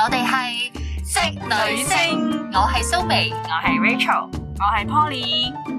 我哋係職女聲，女性我係蘇眉，我係 Rachel，我係 Poly。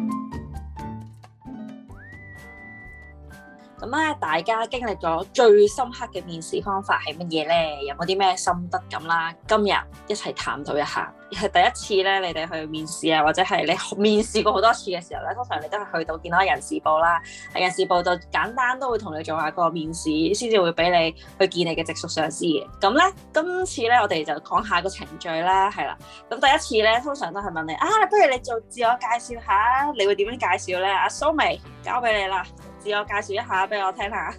咁咧，大家經歷咗最深刻嘅面試方法係乜嘢咧？有冇啲咩心得咁啦？今日一齊探討一下。係第一次咧，你哋去面試啊，或者係你面試過好多次嘅時候咧，通常你都係去到見到人事部啦，喺人事部就簡單都會同你做下個面試，先至會俾你去見你嘅直屬上司嘅。咁咧，今次咧，我哋就講下個程序啦，係啦。咁第一次咧，通常都係問你啊，不如你做自我介紹下，你會點樣介紹咧？阿蘇眉，交俾你啦。自我介紹一下俾我聽下，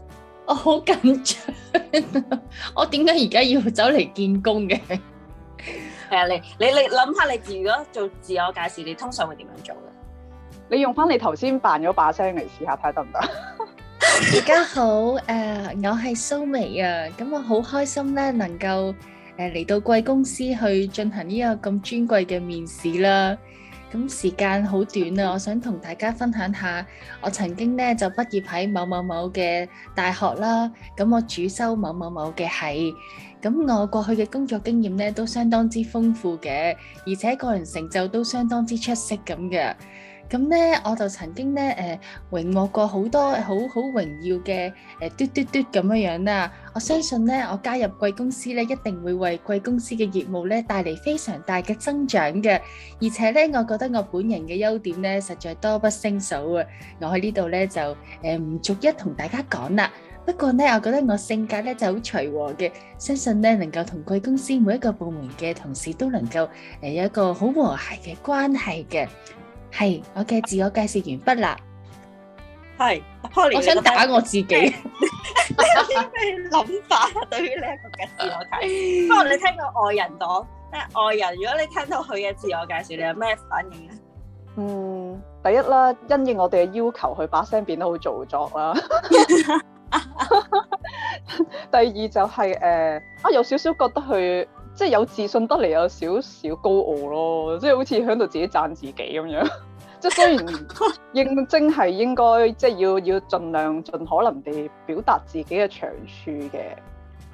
我好緊張，我點解而家要走嚟見工嘅？係啊，你你你諗下，你如果做自我介紹，你通常會點樣做嘅？你用返你頭先扮咗把聲嚟試下睇下得唔得？大家好，誒，我係蘇眉啊，咁我好開心咧，能夠誒嚟到貴公司去進行呢個咁尊貴嘅面試啦。咁時間好短啊！我想同大家分享下，我曾經咧就畢業喺某某某嘅大學啦。咁我主修某某某嘅系，咁我過去嘅工作經驗咧都相當之豐富嘅，而且個人成就都相當之出色咁嘅。咁咧，我就曾經咧，誒榮獲過好多好好榮耀嘅誒嘟嘟嘟咁樣樣啦。我相信咧，我加入貴公司咧，一定會為貴公司嘅業務咧帶嚟非常大嘅增長嘅。而且咧，我覺得我本人嘅優點咧，實在多不勝數啊！我喺呢度咧就誒唔、呃、逐一同大家講啦。不過咧，我覺得我性格咧就好隨和嘅，相信咧能夠同貴公司每一個部門嘅同事都能夠誒有一個好和諧嘅關係嘅。係，我嘅自我介紹完畢啦。係、啊，辣 olly, 我想打我自己。你有啲咩諗法？對於呢一個嘅自我睇， 不過你聽過外人講，即係外人。如果你聽到佢嘅自我介紹，你有咩反應咧？嗯，第一啦，因應我哋嘅要求，佢把聲變得好做作啦。第二就係、是、誒、呃，啊，有少少覺得佢。即係有自信得嚟有少少高傲咯，即係好似喺度自己讚自己咁樣。即係雖然應徵係應該即係要要盡量盡可能地表達自己嘅長處嘅，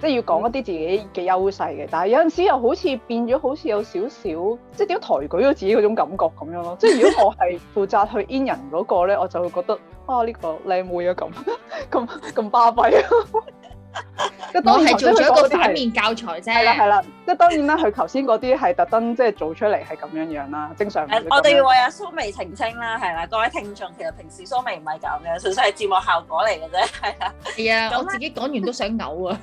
即係要講一啲自己嘅優勢嘅，但係有陣時又好似變咗好似有少少即係點樣抬舉咗自己嗰種感覺咁樣咯。即係如果我係負責去 in 人嗰個咧，我就會覺得，嘩，呢個靚妹啊，咁咁咁巴閉啊！這個即係做咗一個反面教材啫。係啦，係啦，即係當然啦。佢頭先嗰啲係特登即係做出嚟係咁樣樣啦。正常。我哋為阿蘇眉澄清啦，係啦，各位聽眾，其實平時蘇眉唔係咁嘅，純粹係節目效果嚟嘅啫。係啊，係啊，我自己講完都想嘔啊。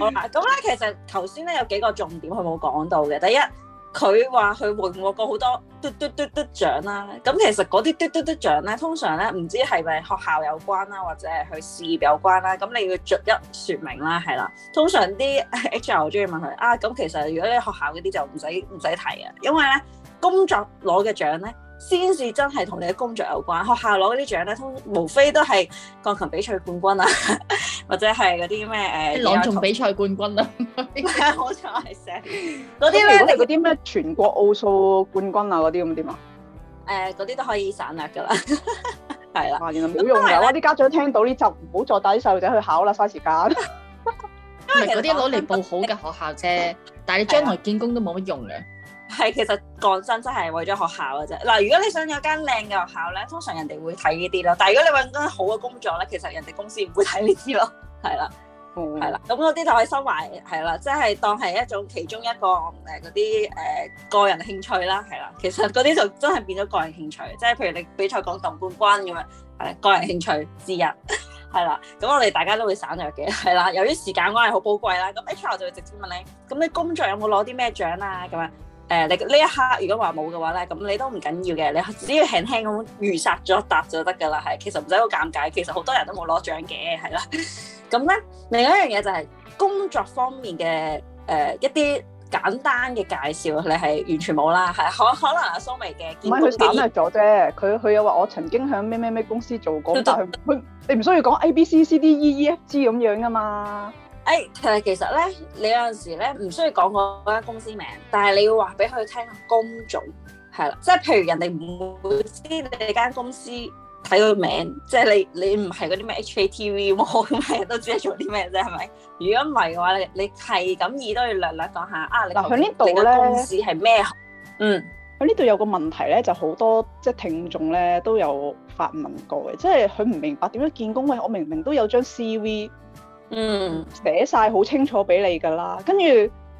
好啦，咁咧其實頭先咧有幾個重點佢冇講到嘅，第一。佢話佢獲獲過好多嘟嘟嘟嘟獎啦，咁其實嗰啲嘟嘟嘟獎咧，通常咧唔知係咪學校有關啦、啊，或者係佢事業有關啦、啊，咁你要逐一説明啦、啊，係啦。通常啲 HR 中意問佢啊，咁其實如果你學校嗰啲就唔使唔使提啊，因為咧工作攞嘅獎咧，先至真係同你嘅工作有關，學校攞嗰啲獎咧，通無非都係鋼琴比賽冠軍啊。 或者係嗰啲咩誒朗誦比賽冠軍啊？唔係啊，好彩係寫嗰啲。如果你嗰啲咩全國奧數冠軍啊嗰啲咁點啊？誒，嗰啲、呃、都可以省略噶啦，係 啦。原來冇用噶，啲家長聽到呢就唔好再帶啲細路仔去考啦，嘥時間。唔係嗰啲攞嚟報好嘅學校啫， 但係你將來見工都冇乜用嘅。係，其實講真，真係為咗學校嘅啫。嗱，如果你想有間靚嘅學校咧，通常人哋會睇呢啲咯。但係如果你揾間好嘅工作咧，其實人哋公司唔會睇呢啲咯。係啦，係啦、嗯，咁嗰啲就可以收埋，係啦，即係當係一種其中一個誒嗰啲誒個人興趣啦，係啦。其實嗰啲就真係變咗個人興趣，即係譬如你比賽講得冠軍咁樣，係個人興趣之一，係啦。咁我哋大家都會省略嘅，係啦。由於時間關係好寶貴啦，咁 H R 就會直接問你，咁你工作有冇攞啲咩獎啊？咁樣。誒、呃，你呢一刻如果話冇嘅話咧，咁你都唔緊要嘅，你只要輕輕咁預殺咗一笪就得㗎啦。係，其實唔使好尷尬，其實好多人都冇攞獎嘅，係啦。咁 咧、嗯，另外一樣嘢就係工作方面嘅誒、呃、一啲簡單嘅介紹，你係完全冇啦。係可可能阿、啊、蘇眉嘅唔係佢簡略咗啫，佢佢有話我曾經喺咩咩咩公司做過， 但係佢你唔需要講 A B C C D E E F G 咁樣啊嘛。誒、哎，其實其實咧，你有陣時咧唔需要講我間公司名，但係你要話俾佢聽工種係啦，即係譬如人哋唔會知你間公司睇佢名，即係你你唔係嗰啲咩 HATV 喎，咁 係都知係做啲咩啫，係咪？如果唔係嘅話，你係咁意都要略略講下啊！嗱，佢呢度咧，公司係咩？嗯，喺呢度有個問題咧，就好、是、多即係、就是、聽眾咧都有發問過嘅，即係佢唔明白點樣見工位，我明明都有張 CV。嗯，寫晒好清楚俾你㗎啦。跟住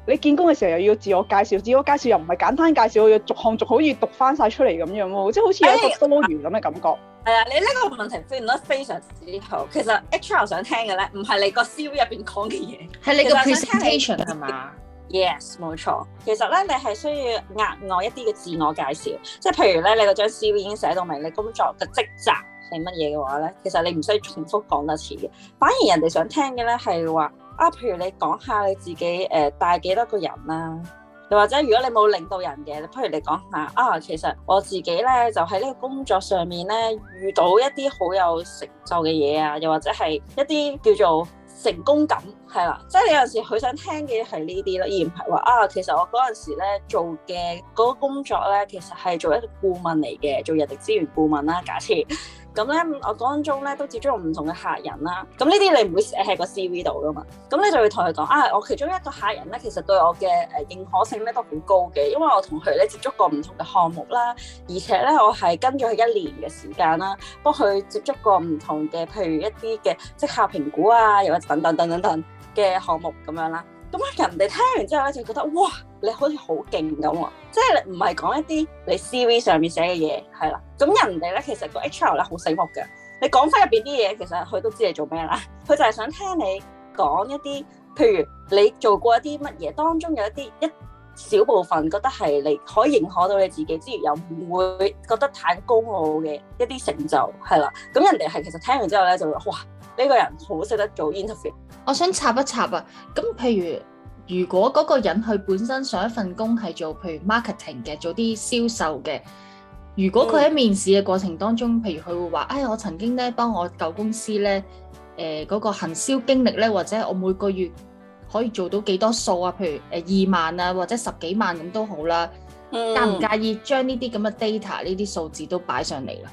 你見工嘅時候又要自我介紹，自我介紹又唔係簡單介紹，要逐項逐項好，以讀翻晒出嚟咁樣喎，即係好似一個多 t o 咁嘅感覺。係啊、哎，你呢個問題非常之好。其實 HR 想聽嘅咧，唔係你個 CV 入邊講嘅嘢，係你個 presentation 係嘛？Yes，冇錯。其實咧，你係需要額外一啲嘅自我介紹，即係譬如咧，你嗰張 CV 已經寫到明你工作嘅職責。係乜嘢嘅話咧？其實你唔使重複講多次嘅，反而人哋想聽嘅咧係話啊。譬如你講下你自己誒、呃、帶幾多個人啦、啊，又或者如果你冇領導人嘅，你不如你講下啊。其實我自己咧就喺呢個工作上面咧遇到一啲好有成就嘅嘢啊，又或者係一啲叫做成功感係啦。即係你有陣時佢想聽嘅係呢啲咯，而唔係話啊。其實我嗰陣時咧做嘅嗰個工作咧，其實係做一個顧問嚟嘅，做人力資源顧問啦、啊。假設咁咧，我當中咧都接觸過唔同嘅客人啦。咁呢啲你唔會寫喺個 C.V. 度噶嘛。咁你就會同佢講啊，我其中一個客人咧，其實對我嘅誒認可性咧都好高嘅，因為我同佢咧接觸過唔同嘅項目啦，而且咧我係跟咗佢一年嘅時間啦，幫佢接觸過唔同嘅，譬如一啲嘅績效評估啊，又等等等等等嘅項目咁樣啦。咁人哋聽完之後咧就覺得哇，你好似好勁咁喎！即係你唔係講一啲你 CV 上面寫嘅嘢係啦。咁人哋咧其實個 HR 咧好醒目嘅，你講翻入面啲嘢，其實佢都知你做咩啦。佢就係想聽你講一啲，譬如你做過一啲乜嘢，當中有一啲一小部分覺得係你可以認可到你自己，之餘又唔會覺得太高傲嘅一啲成就係啦。咁人哋係其實聽完之後咧就會哇～呢個人好識得做 interview，我想插一插啊！咁譬如如果嗰個人佢本身上一份工係做譬如 marketing 嘅，做啲銷售嘅，如果佢喺面試嘅過程當中，嗯、譬如佢會話，哎，我曾經咧幫我舊公司咧，誒、呃、嗰、嗰個行銷經歷咧，或者我每個月可以做到幾多數啊，譬如誒二萬啊，或者十幾萬咁都好啦，嗯、介唔介意將呢啲咁嘅 data 呢啲數字都擺上嚟咧？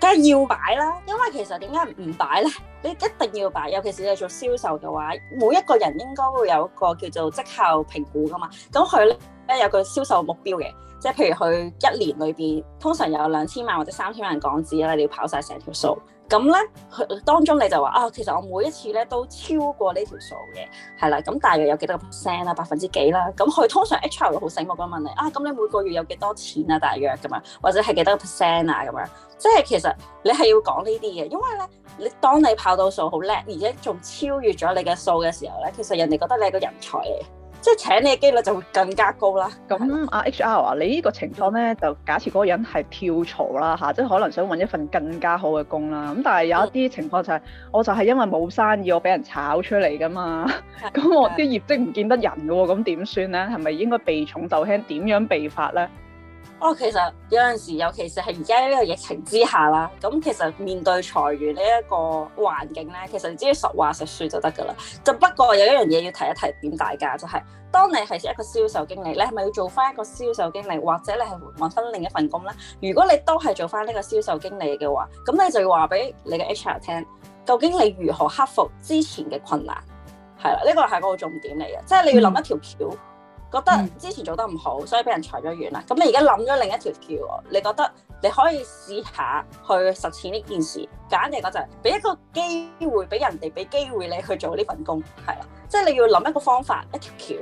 梗係要擺啦，因為其實點解唔擺咧？你一定要擺，尤其是你做銷售嘅話，每一個人應該會有一個叫做績效評估㗎嘛。咁佢咧有個銷售目標嘅，即係譬如佢一年裏邊通常有兩千萬或者三千萬港紙啦，你要跑晒成條數。咁咧，當中你就話啊、哦，其實我每一次咧都超過呢條數嘅，係啦，咁大約有幾多個 percent 啦，百分之幾啦，咁佢通常 HR 好醒目咁問你啊，咁你每個月有幾多錢啊，大約咁樣，或者係幾多個 percent 啊咁樣，即係其實你係要講呢啲嘅，因為咧，你當你跑到數好叻，而且仲超越咗你嘅數嘅時候咧，其實人哋覺得你係個人才嚟。即係請你嘅機率就會更加高啦。咁阿 HR 啊，你呢個情況咧，就假設嗰個人係跳槽啦嚇，即係可能想搵一份更加好嘅工啦。咁但係有一啲情況就係、是，嗯、我就係因為冇生意，我俾人炒出嚟噶嘛。咁、嗯、 我啲業績唔見得人嘅喎，咁點算咧？係咪應該避重就輕？點樣避法咧？哦，其實有陣時，尤其是係而家呢個疫情之下啦，咁其實面對裁員呢一個環境咧，其實你只要實話實説就得噶啦。就不過有一樣嘢要提一提點大家，就係、是、當你係一個銷售經理，你係咪要做翻一個銷售經理，或者你係換翻另一份工咧？如果你都係做翻呢個銷售經理嘅話，咁你就要話俾你嘅 HR 聽，究竟你如何克服之前嘅困難？係啦，呢、這個係一個重點嚟嘅，即、就、係、是、你要諗一條橋。嗯覺得之前做得唔好，所以俾人裁咗完啦。咁你而家諗咗另一條橋，你覺得你可以試下去實踐呢件事，簡直就係俾一個機會，俾人哋俾機會你去做呢份工，係啦，即係你要諗一個方法，一條橋。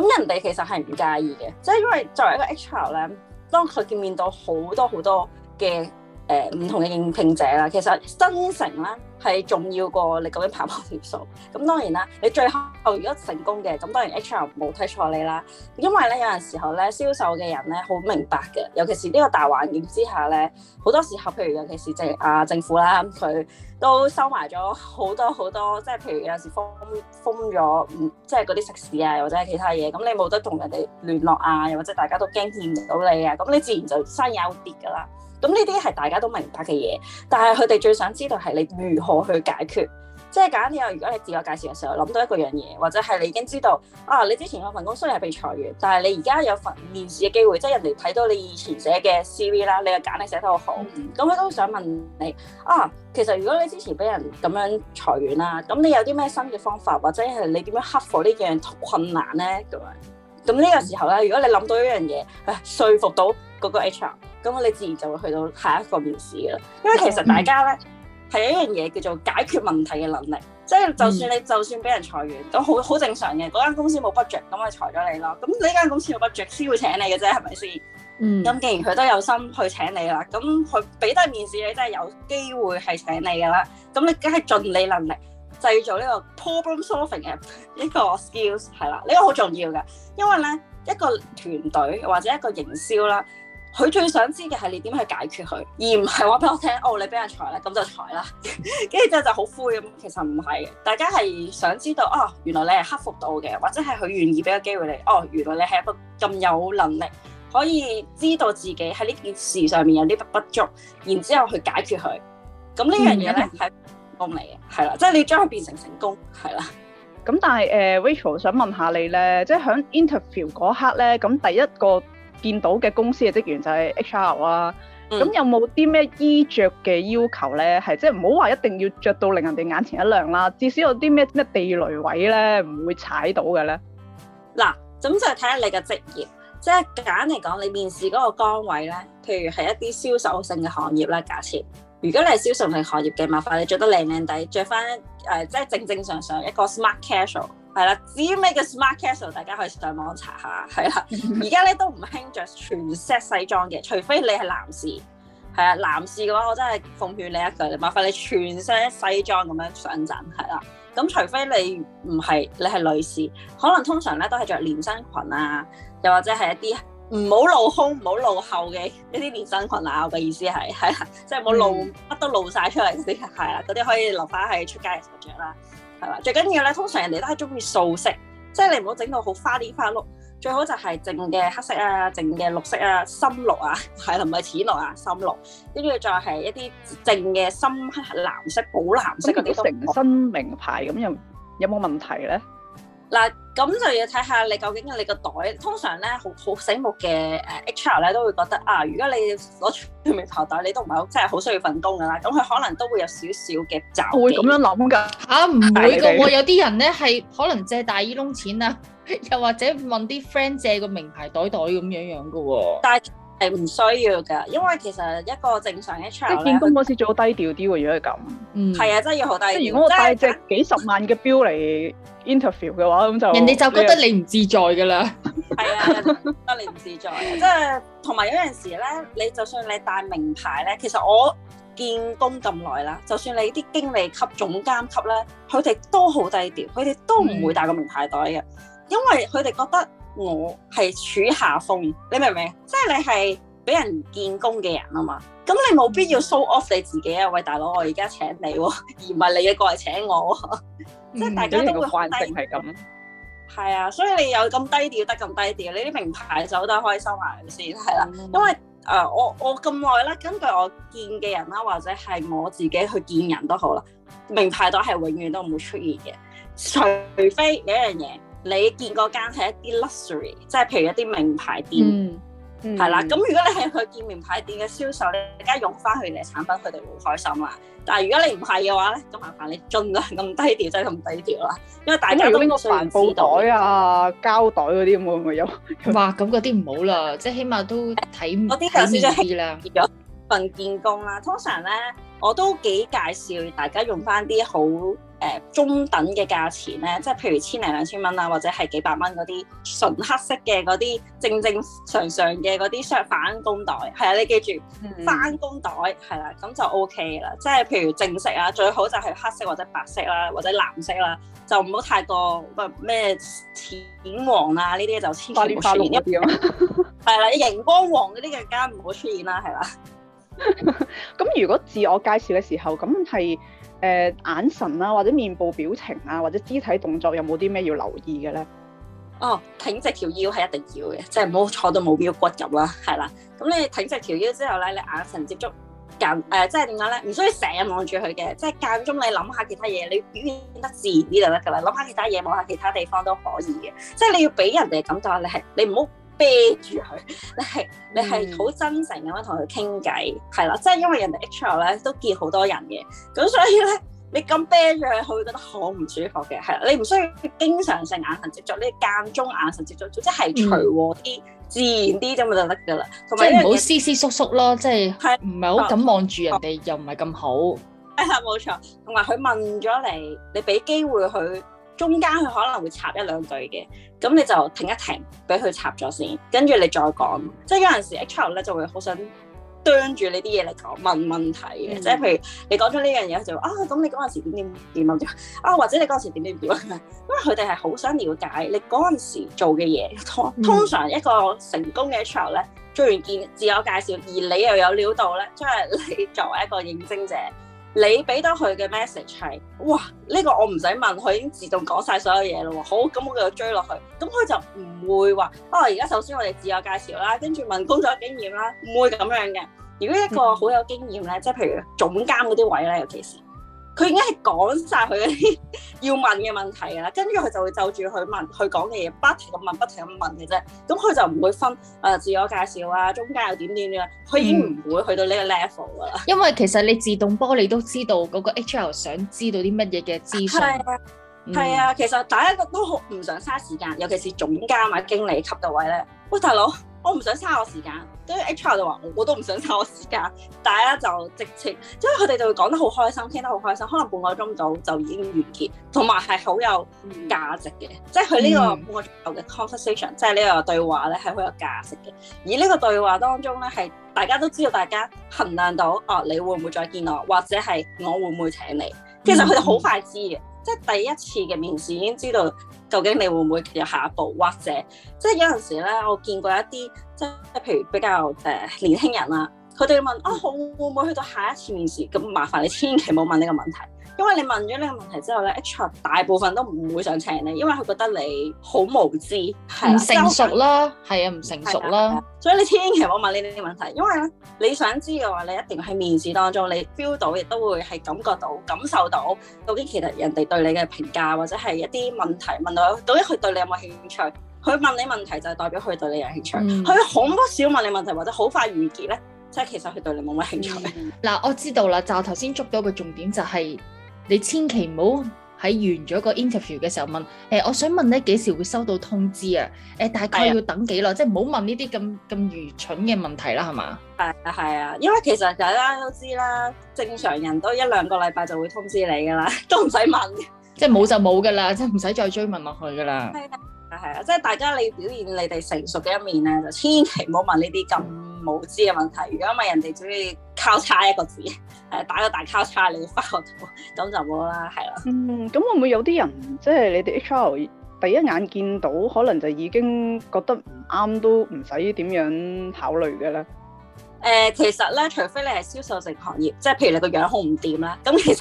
咁人哋其實係唔介意嘅，即係因為作為一個 HR 咧，當佢見面到好多好多嘅，誒唔、呃、同嘅應聘者啦，其實真誠咧係重要過你究竟跑條數。咁、嗯、當然啦，你最後如果成功嘅，咁、嗯、當然 HR 冇睇錯你啦。因為咧有陣時候咧，銷售嘅人咧好明白嘅，尤其是呢個大環境之下咧，好多時候譬如尤其是就係啊政府啦，佢都收埋咗好多好多，即係譬如有時封封咗、嗯，即係嗰啲食肆啊，又或者係其他嘢，咁、嗯、你冇得同人哋聯絡啊，又或者大家都驚見唔到你啊，咁、嗯、你自然就生意有跌㗎啦。咁呢啲係大家都明白嘅嘢，但係佢哋最想知道係你如何去解決。即係揀你，又，如果你自我介紹嘅時候諗到一個樣嘢，或者係你已經知道啊，你之前嗰份工雖然係被裁員，但係你而家有份面試嘅機會，即係人哋睇到你以前寫嘅 CV 啦，你又簡歷寫得好好。咁我、嗯、都想問你啊，其實如果你之前俾人咁樣裁員啦，咁你有啲咩新嘅方法，或者係你點樣克服呢樣困難咧？咁咁呢個時候咧，如果你諗到一樣嘢誒，說服到。嗰個 HR，咁你自然就會去到下一個面試啦。因為其實大家咧係有一樣嘢叫做解決問題嘅能力，即係就算你就算俾人裁員都好好正常嘅。嗰間公司冇 budget，咁咪裁咗你咯。咁呢間公司有 budget 先會請你嘅啫，係咪先？嗯。咁既然佢都有心去請你啦，咁佢俾低面試你，都係有機會係請你噶啦。咁你梗係盡你能力製造呢個 problem solving 嘅呢個 skills 係啦，呢個好重要嘅，因為咧一個團隊或者一個營銷啦。佢最想知嘅係你點去解決佢，而唔係話俾我聽 哦，你俾人裁咧，咁就裁啦。跟住之後就好灰咁，其實唔係嘅，大家係想知道哦，原來你係克服到嘅，或者係佢願意俾個機會你哦，原來你係一個咁有能力，可以知道自己喺呢件事上面有啲不足，然之後去解決佢。咁呢樣嘢咧係成功嚟嘅，係啦，即係 你要將佢變成成功，係啦。咁但係誒，uh，Rachel 我想問下你咧，即係喺 interview 嗰刻咧，咁第一個。見到嘅公司嘅職員就係 HR 啦、啊，咁、嗯、有冇啲咩衣着嘅要求咧？係即係唔好話一定要着到令人哋眼前一亮啦，至少有啲咩咩地雷位咧，唔會踩到嘅咧。嗱，咁就睇下你嘅職業，即係簡嚟講，你面試嗰個崗位咧，譬如係一啲銷售性嘅行業啦。假設如果你係銷售性行業嘅，麻煩你着得靚靚哋，着翻誒即係正正常常一個 smart casual。係啦，至於咩叫 smart casual，大家可以上網查下。係啦，而家咧都唔興着全 set 西裝嘅，除非你係男士。係啊，男士嘅話，我真係奉勸你一句，你麻煩你全 set 西裝咁樣上陣。係啦，咁除非你唔係，你係女士，可能通常咧都係着連身裙啊，又或者係一啲唔好露胸、唔好露後嘅呢啲連身裙啊。我嘅意思係，係即係冇露乜、嗯、都露晒出嚟嗰啲，係啦，嗰啲可以留翻喺出街嘅時候着啦。最緊要咧，通常人哋都係中意素色，即係你唔好整到好花里花碌，最好就係淨嘅黑色啊，淨嘅綠色啊，深綠啊，係啦，唔係淺綠啊，深綠，跟住再係一啲淨嘅深藍色、寶藍色嗰啲。成身名牌咁樣，有冇問題咧？嗱，咁就要睇下你究竟你個袋，通常咧好好醒目嘅誒 HR 咧都會覺得啊，如果你攞住名牌袋，你都唔係好真係好需要份工噶啦，咁佢可能都會有少少嘅詐會咁樣諗㗎？嚇唔、啊、會嘅喎，有啲人咧係可能借大耳窿錢啊，又或者問啲 friend 借個名牌袋袋咁樣樣嘅喎。但係唔需要噶，因為其實一個正常嘅出嚟，即係見工嗰時最好低調啲喎。如果係咁，嗯，係啊，真係要好低調。即係如果我帶隻幾十萬嘅錶嚟 interview 嘅話，咁就人哋就覺得你唔自在噶啦。係啊，人哋就覺得你唔自在。即係同埋有陣時咧，你就算你帶名牌咧，其實我見工咁耐啦，就算你啲經理級、總監級咧，佢哋都好低調，佢哋都唔會帶個名牌袋嘅，因為佢哋覺得。我係處下風，你明唔明？即係你係俾人見工嘅人啊嘛，咁你冇必要 show off 你自己啊！喂，大佬，我而家請你喎，而唔係你過嚟請我， 即係大家都會低。個慣性係咁，係啊，所以你有咁低調得咁低調，你啲名牌走得開收埋先，係啦、啊。嗯、因為誒、呃，我我咁耐咧，根據我見嘅人啦，或者係我自己去見人都好啦，名牌都係永遠都唔會出現嘅，除非有一樣嘢。你見過間係一啲 luxury，即係譬如一啲名牌店，係啦。咁如果你係去見名牌店嘅銷售，你而家用翻佢哋產品，佢哋會開心啦。但係如果你唔係嘅話咧，咁麻煩你儘量咁低調，真係咁低調啦，因為大家都需要知道。帆布袋啊，膠袋嗰啲咁，會唔會有？哇，咁嗰啲唔好啦，即係起碼都睇唔。我啲介紹係啦，接咗份見工啦。通常咧，我都幾介紹大家用翻啲好。誒中等嘅價錢咧，即係譬如千零兩千蚊啦、啊，或者係幾百蚊嗰啲純黑色嘅嗰啲正正常常嘅嗰啲雙反工袋，係啊，你記住翻工袋係啦，咁就 O K 啦。即係譬如正式啊，最好就係黑色或者白色啦，或者藍色啦，就唔好太多，喂，咩淺黃啊呢啲就千萬唔好出現啦，係嘛？花 螢光黃嗰啲更加唔好出現啦，係嘛？咁 如果自我介紹嘅時候，咁係。誒眼神啦、啊，或者面部表情啊，或者肢體動作，有冇啲咩要留意嘅咧？哦，挺直條腰係一定要嘅，即係唔好坐到冇腰骨咁啦，係啦。咁你挺直條腰之後咧，你眼神接觸間誒，即係點解咧？唔需要成日望住佢嘅，即係間中你諗下其他嘢，你表現得自然啲就得㗎喇。諗下其他嘢，望下其他地方都可以嘅，即係你要俾人哋感覺你係你唔好。啤住佢，你係你係好真誠咁樣同佢傾偈，係啦，即係因為人哋 H R 咧都見好多人嘅，咁所以咧你咁啤住佢，佢會覺得好唔舒服嘅，係啦，你唔需要經常性眼神接觸，你間中眼神接觸，即係隨和啲、自然啲咁咪就得噶啦。同埋唔好思思縮縮咯，即係唔係好咁望住人哋又唔係咁好。係啊，冇錯，同埋佢問咗你，你俾機會佢。中間佢可能會插一兩句嘅，咁你就停一停，俾佢插咗先，跟住你再講。即係有陣時 H R 咧就會好想釘住你啲嘢嚟講問問題嘅，mm hmm. 即係譬如你講咗呢樣嘢就啊，咁你嗰陣時點點點啊，或者你嗰陣時點點點因為佢哋係好想了解你嗰陣時做嘅嘢。Mm hmm. 通常一個成功嘅 H R 咧，做完見自我介紹，而你又有料到咧，即係你作為一個應徵者。你俾得佢嘅 message 係，哇呢、呢個我唔使問，佢已經自動講晒所有嘢咯喎，好，咁我繼續追落去，咁佢就唔會話，啊而家首先我哋自我介紹啦，跟住問工作經驗啦，唔會咁樣嘅。如果一個好有經驗咧，嗯、即係譬如總監嗰啲位咧，尤其是。佢已經係講晒佢啲要問嘅問題㗎喇，跟住佢就會就住佢問佢講嘅嘢，不停咁問，不停咁問嘅啫。咁佢就唔會分誒、呃、自我介紹啊，中間又點點點，佢已經唔會去到呢個 level 㗎喇、嗯。因為其實你自動波你都知道嗰個 HR 想知道啲乜嘢嘅資訊。係啊，其實大家都都好唔想嘥時間，尤其是總監或者經理級嘅位咧。喂，大佬。我唔想嘥我時間，對於 HR 就話我，我都唔想嘥我時間，大家就直情，因為佢哋就會講得好開心，傾得好開心，可能半個鐘到就已經完結，同埋係好有價值嘅，即係佢呢個半個鐘頭嘅 conversation，即係呢個對話咧係好有價值嘅。而呢個對話當中咧係大家都知道，大家衡量到哦、啊，你會唔會再見我，或者係我會唔會請你，其實佢哋好快知嘅。嗯。即係第一次嘅面試已經知道究竟你會唔會有下一步，或者即係有陣時咧，我見過一啲即係譬如比較誒、呃、年輕人啦，佢哋問啊，好會唔會去到下一次面試？咁麻煩你千祈唔好問呢個問題。因為你問咗呢個問題之後咧，HR 大部分都唔會想請你，因為佢覺得你好無知，唔成熟啦，係啊很，唔成熟啦。所以你千祈唔好問呢啲問題，因為咧你想知嘅話，你一定喺面試當中你 feel 到，亦都會係感覺到、感受到，究竟其實人哋對你嘅評價，或者係一啲問題問到，究竟佢對你有冇興趣？佢問你問題就係代表佢對你有興趣。佢好多少問你問題，或者好快完結咧，即係其實佢對你冇乜興趣嗱、嗯嗯，我知道啦，就頭先捉到個重點就係、是。你千祈唔好喺完咗個 interview 嘅時候問，誒、欸，我想問咧幾時會收到通知啊？誒、欸，大概要等幾耐？是啊、即係唔好問呢啲咁咁愚蠢嘅問題啦，係嘛？係啊，係啊，因為其實大家都知啦，正常人都一兩個禮拜就會通知你噶啦，都唔使問。即係冇就冇噶啦，是啊、即係唔使再追問落去噶啦。係啊，啊，啊，即係大家你表現你哋成熟嘅一面咧，就千祈唔好問呢啲咁冇知嘅問題，如果家咪人哋中意交叉一個字，係打個大交叉你翻學做，咁就冇啦，係啦。嗯，咁會唔會有啲人即係、就是、你哋 HR 第一眼見到，可能就已經覺得唔啱，都唔使點樣考慮嘅咧？誒、呃、其實咧，除非你係銷售性行業，即係譬如你個樣好唔掂啦，咁其實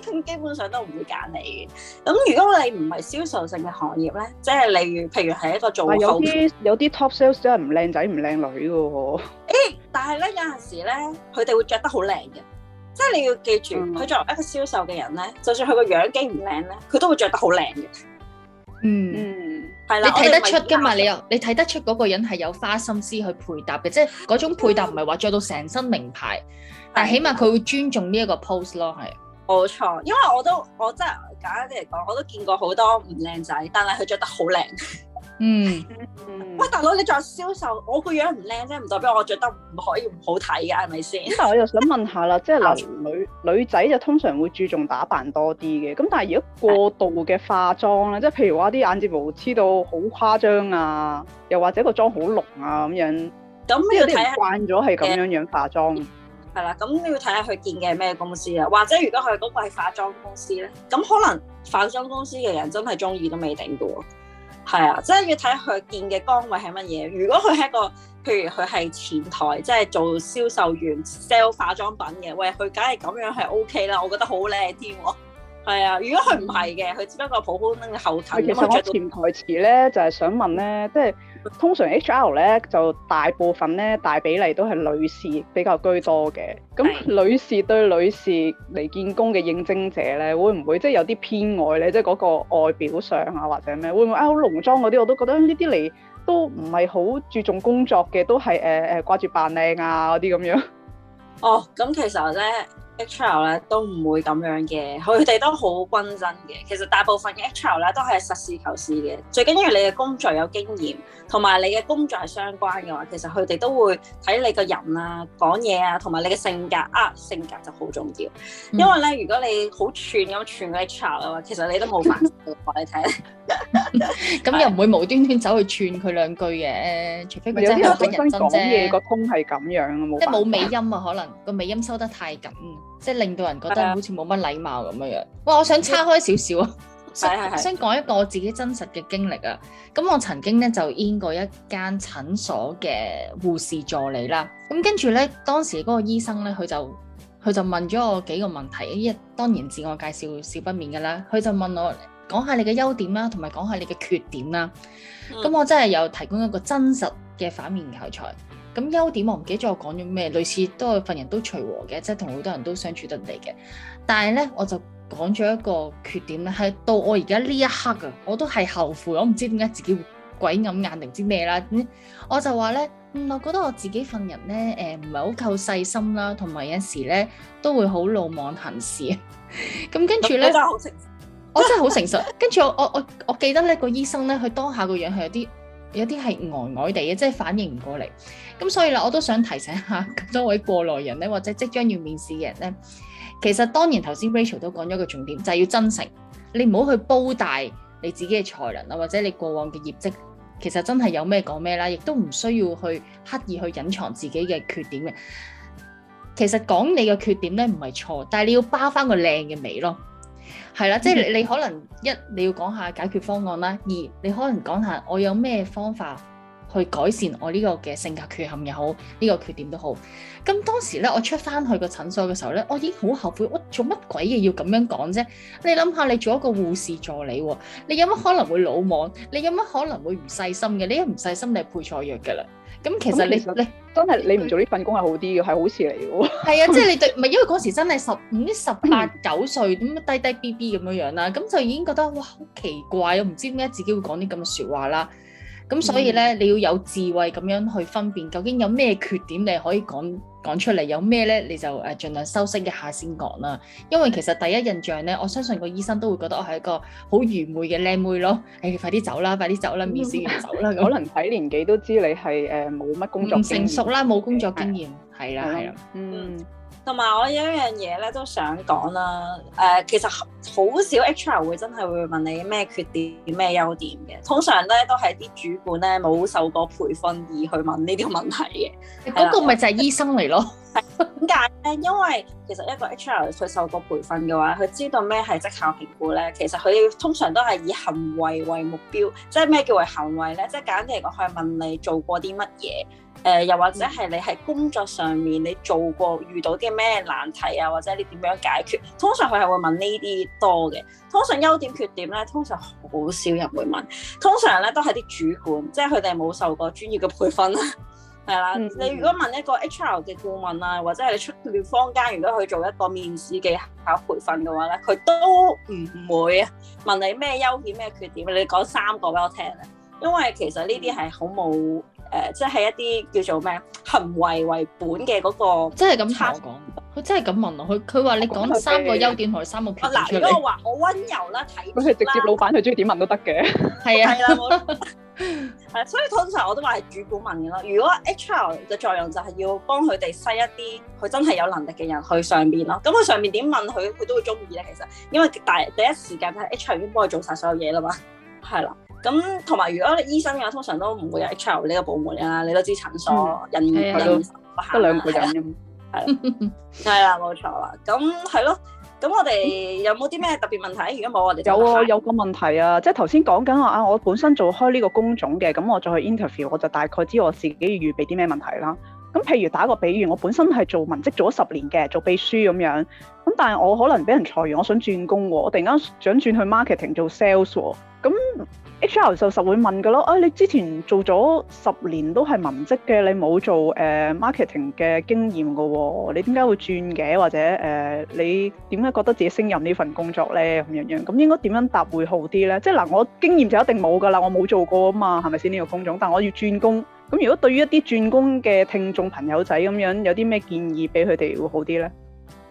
佢基本上都唔會揀你嘅。咁如果你唔係銷售性嘅行業咧，即係例如譬如係一個做、哎、有啲有啲 top sales 真係唔靚仔唔靚女嘅喎、哦欸。但係咧有陣時咧，佢哋會着得好靚嘅，即係你要記住，佢、嗯、作為一個銷售嘅人咧，就算佢個樣幾唔靚咧，佢都會着得好靚嘅。嗯。嗯你睇得出㗎嘛？你又你睇得出嗰個人係有花心思去配搭嘅，即係嗰種配搭唔係話着到成身名牌，但係起碼佢會尊重呢一個 pose 咯，係冇錯。因為我都我真係簡單啲嚟講，我都見過好多唔靚仔，但係佢着得好靚。嗯，喂，大佬，你做銷售我，我個樣唔靚啫，唔代表我着得唔可以唔好睇㗎，係咪先？咁但我又想問下啦，即係男女女仔就通常會注重打扮多啲嘅，咁但係如果過度嘅化妝咧，即係譬如話啲眼睫毛黐到好誇張啊，又或者個妝好濃啊咁樣，咁你要睇慣咗係咁樣樣化妝，係啦，咁你要睇下佢見嘅係咩公司啊，或者如果佢嗰個係化妝公司咧，咁可能化妝公司嘅人真係中意都未定噶喎。係啊，即係要睇下佢見嘅崗位係乜嘢。如果佢係一個，譬如佢係前台，即係做銷售員 sell 化妝品嘅，喂，佢梗係咁樣係 OK 啦。我覺得好靚添喎。係啊，如果佢唔係嘅，佢、嗯、只不過普通嘅後勤，其實我潛台詞咧就係、是、想問咧，即、就、係、是、通常 HR 咧就大部分咧大比例都係女士比較居多嘅。咁女士對女士嚟見工嘅應徵者咧，會唔會即係、就是、有啲偏愛咧？即係嗰個外表上啊，或者咩？會唔會啊？好濃妝嗰啲我都覺得呢啲嚟都唔係好注重工作嘅，都係誒誒掛住扮靚啊嗰啲咁樣。哦，咁、嗯、其實咧。H.R. 咧都唔會咁樣嘅，佢哋都好均真嘅。其實大部分嘅 H.R. 咧都係實事求是嘅。最緊要你嘅工作有經驗，同埋你嘅工作係相關嘅話，其實佢哋都會睇你個人啊、講嘢啊，同埋你嘅性格啊，性格就好重要。因為咧，如果你好串咁串 H.R. 嘅話，其實你都冇辦，我你睇。咁又唔會無端端走去串佢兩句嘅，除非佢不真係真。講嘢個腔係咁樣啊，冇。即係冇尾音啊，可能個尾音收得太緊。即係令到人覺得好似冇乜禮貌咁樣樣。哇！我想岔開少少啊， 是想講一個我自己真實嘅經歷啊。咁我曾經咧就僱過一間診所嘅護士助理啦。咁跟住咧，當時嗰個醫生咧，佢就佢就問咗我幾個問題。一當然自我介紹少不免㗎啦。佢就問我講下你嘅優點啦，同埋講下你嘅缺點啦。咁我真係有提供一個真實嘅反面教材。咁優點我唔記得咗我講咗咩，類似都係份人都隨和嘅，即係同好多人都相處得嚟嘅。但係咧，我就講咗一個缺點咧，係到我而家呢一刻啊，我都係後悔，我唔知點解自己會鬼咁眼定知咩啦。我就話咧、嗯，我覺得我自己份人咧，誒唔係好夠細心啦，同埋有陣時咧都會好魯莽行事。咁 跟住咧，我真係好誠實，跟住我我我我記得咧、個醫生咧，佢當下個樣係有啲有啲係呆呆地嘅，即係反應唔過嚟。咁所以啦，我都想提醒下咁多位過來人咧，或者即將要面試嘅人咧，其實當然頭先 Rachel 都講咗個重點，就係要真誠，你唔好去煲大你自己嘅才能啊，或者你過往嘅業績，其實真係有咩講咩啦，亦都唔需要去刻意去隱藏自己嘅缺點嘅。其實講你嘅缺點咧唔係錯，但係你要包翻個靚嘅尾咯，係啦，即係你，嗯，你可能一你要講下解決方案啦，二你可能講下我有咩方法。去改善我呢個嘅性格缺陷又好，呢、呢個缺點都好。咁當時咧，我出翻去個診所嘅時候咧，我已經好後悔，我做乜鬼嘢要咁樣講啫？你諗下，你做一個護士助理喎、哦，你有乜可能會魯莽？你有乜可能會唔細心嘅？你一唔細心，你配錯藥㗎啦。咁其實你其實當你真係你唔做呢份工係好啲嘅，係好事嚟嘅喎。係 啊，即、就、係、是、你對，唔係因為嗰時真係十五、十八、九歲咁低低 B B 咁樣樣啦，咁、嗯、就已經覺得哇好奇怪，啊，唔知點解自己會講啲咁嘅説話啦。咁所以咧，嗯、你要有智慧咁樣去分辨，究竟有咩缺點，你可以講講出嚟；有咩咧，你就誒盡量修飾一下先講啦。因為其實第一印象咧，我相信個醫生都會覺得我係一個好愚昧嘅靚妹咯。你、欸、 快啲走啦，快啲走啦，面試完走啦。可能睇年紀都知你係誒冇乜工作，唔成熟啦，冇工作經驗，係啦，係啦，嗯。 同埋我有一樣嘢咧，都想講啦。誒、呃，其實好少 HR 會真係會問你咩缺點、咩優點嘅。通常咧都係啲主管咧冇受過培訓而去問呢啲問題嘅。嗰個咪就係醫生嚟咯。點解咧？因為其實一個 HR 佢受過培訓嘅話，佢知道咩係績效評估咧。其實佢通常都係以行為為目標。即係咩叫為行為咧？即係簡單嚟講，佢係問你做過啲乜嘢。誒、呃、又或者係你喺工作上面你做過遇到啲咩難題啊，或者你點樣解決？通常佢係會問呢啲多嘅。通常優點缺點咧，通常好少人會問。通常咧都係啲主管，即係佢哋冇受過專業嘅培訓啦，係啦。你如果問一個 HR 嘅顧問啊，或者係你出邊坊間如果去做一個面試嘅考培訓嘅話咧，佢都唔會問你咩優點咩缺點，你講三個俾我聽啊。因為其實呢啲係好冇。誒、呃，即係一啲叫做咩行為為本嘅嗰、嗰個，即係咁講，佢差真係咁問啊！佢佢話你講三個優點同三個嗱、啊呃，如果我話我溫柔啦、睇佢啦，係直接老闆，佢中意點問都得嘅。係 啊。係啦。係啦，所以通常我都話係主管問嘅咯。如果 HR 嘅作用就係要幫佢哋篩一啲佢真係有能力嘅人去上邊咯。咁佢上面點問佢，佢都會中意咧。其實因為大第一時間，係 HR 已經幫佢做晒所有嘢啦嘛。係啦。咁同埋如果醫生嘅話，通常都唔會有 HR 呢個部門啊。你都知診所、嗯、人有限，得兩個人咁，係係啊，冇 錯啦。咁係咯，咁我哋有冇啲咩特別問題？如果冇，我哋有啊，有個問題啊，即係頭先講緊話啊，我本身做開呢個工種嘅，咁我再去 interview 我就大概知我自己要預備啲咩問題啦。咁譬如打個比喻，我本身係做文職做咗十年嘅，做秘書咁樣。咁但係我可能俾人裁員，我想轉工喎。我突然間想轉去 marketing 做 sales 喎。咁 HR 就實會問㗎咯。啊，你之前做咗十年都係文職嘅，你冇做誒 marketing 嘅經驗㗎喎，你點解會轉嘅？或者誒，你點解覺得自己升任呢份工作咧？咁樣樣，咁應該點樣答會好啲咧？即係嗱，我經驗就一定冇㗎啦，我冇做過啊嘛，係咪先呢個工種？但係我要轉工。咁如果對於一啲轉工嘅聽眾朋友仔咁樣有啲咩建議俾佢哋會好啲咧？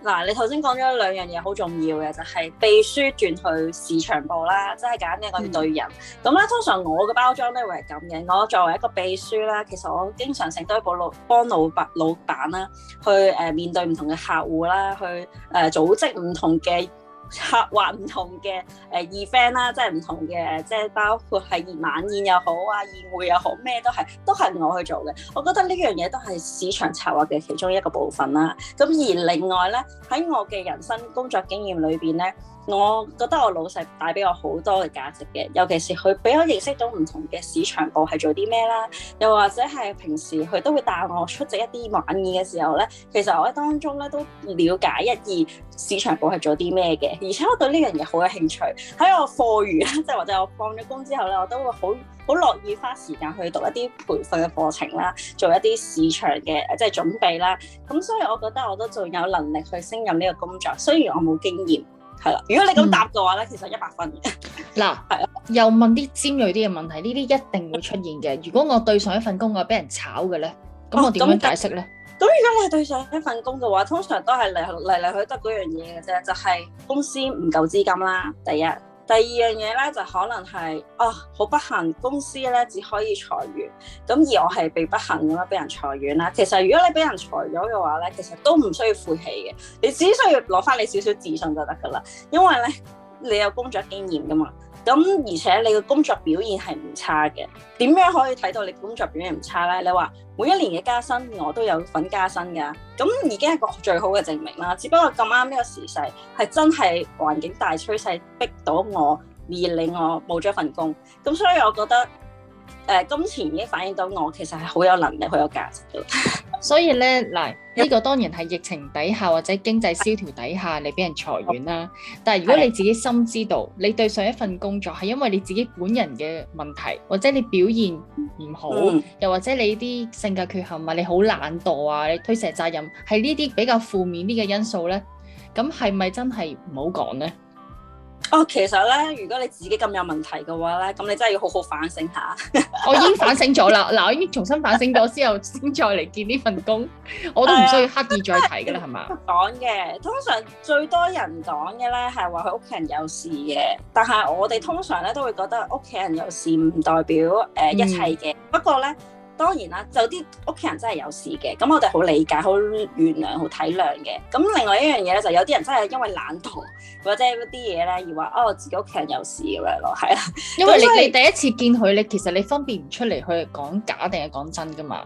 嗱，你頭先講咗兩樣嘢好重要嘅，就係、是、秘書轉去市場部啦，即係揀一個要對人。咁咧、嗯，通常我嘅包裝都會係咁嘅。我作為一個秘書啦，其實我經常性都係幫老幫老伯老闆啦，去誒面對唔同嘅客戶啦，去誒組織唔同嘅。策劃唔同嘅誒 event 啦，即係唔同嘅，即係包括係晚宴又好啊，宴會又好，咩都係，都係我去做嘅。我覺得呢樣嘢都係市場策劃嘅其中一個部分啦。咁而另外咧，喺我嘅人生工作經驗裏邊咧。我覺得我老細帶俾我好多嘅價值嘅，尤其是佢俾我認識到唔同嘅市場部係做啲咩啦，又或者係平時佢都會帶我出席一啲晚宴嘅時候咧，其實我喺當中咧都了解一二市場部係做啲咩嘅，而且我對呢樣嘢好有興趣。喺我課餘咧，即係或者我放咗工之後咧，我都會好好樂意花時間去讀一啲培訓嘅課程啦，做一啲市場嘅即係準備啦。咁所以我覺得我都仲有能力去升任呢個工作，雖然我冇經驗。係啦，嗯、如果你咁答嘅話咧，其實一百分嘅嘍。嗱，係啊，又問啲尖銳啲嘅問題，呢啲一定會出現嘅。如果我對上一份工我俾人炒嘅咧，咁我點樣解釋咧？咁而家你係對上一份工嘅話，通常都係嚟嚟嚟去得嗰樣嘢嘅啫，就係、是、公司唔夠資金啦，第一。第二樣嘢呢，就可能係啊，好不幸公司呢只可以裁員，咁而我係被不幸咁樣俾人裁員啦。其實如果你俾人裁咗嘅話呢，其實都唔需要負氣嘅，你只需要攞返你少少自信就得㗎喇，因為呢你有工作經驗㗎嘛。咁而且你嘅工作表現係唔差嘅，點樣可以睇到你工作表現唔差咧？你話每一年嘅加薪我都有份加薪噶，咁已經係個最好嘅證明啦。只不過咁啱呢個時勢，係真係環境大趨勢逼到我，而令我冇咗份工，咁所以我覺得。誒，金、呃、錢已經反映到我其實係好有能力、好有價值 所以咧，嗱，呢個當然係疫情底下或者經濟蕭條底下，你俾人裁員啦。 但係如果你自己心知道，你對上一份工作係因為你自己本人嘅問題，或者你表現唔好， 又或者你啲性格缺陷啊，你好懶惰啊，你推卸責任，係呢啲比較負面啲嘅因素咧。咁係咪真係唔好講呢？哦，其實咧，如果你自己咁有問題嘅話咧，咁你真係要好好反省下。我已經反省咗啦，嗱，我已經重新反省咗之後，先再嚟見呢份工，我都唔需要刻意再提㗎喇，係嘛？講嘅，通常最多人講嘅咧係話佢屋企人有事嘅，但係我哋通常咧都會覺得屋企人有事唔代表誒一切嘅，不過咧。當然啦，就啲屋企人真係有事嘅，咁我哋好理解、好原諒、好體諒嘅。咁另外一樣嘢咧，就有啲人真係因為懶惰或者一啲嘢咧，而話哦自己屋企人有事咁樣咯，係啊。因為你你第一次見佢，你其實你分辨唔出嚟佢係講假定係講真㗎嘛。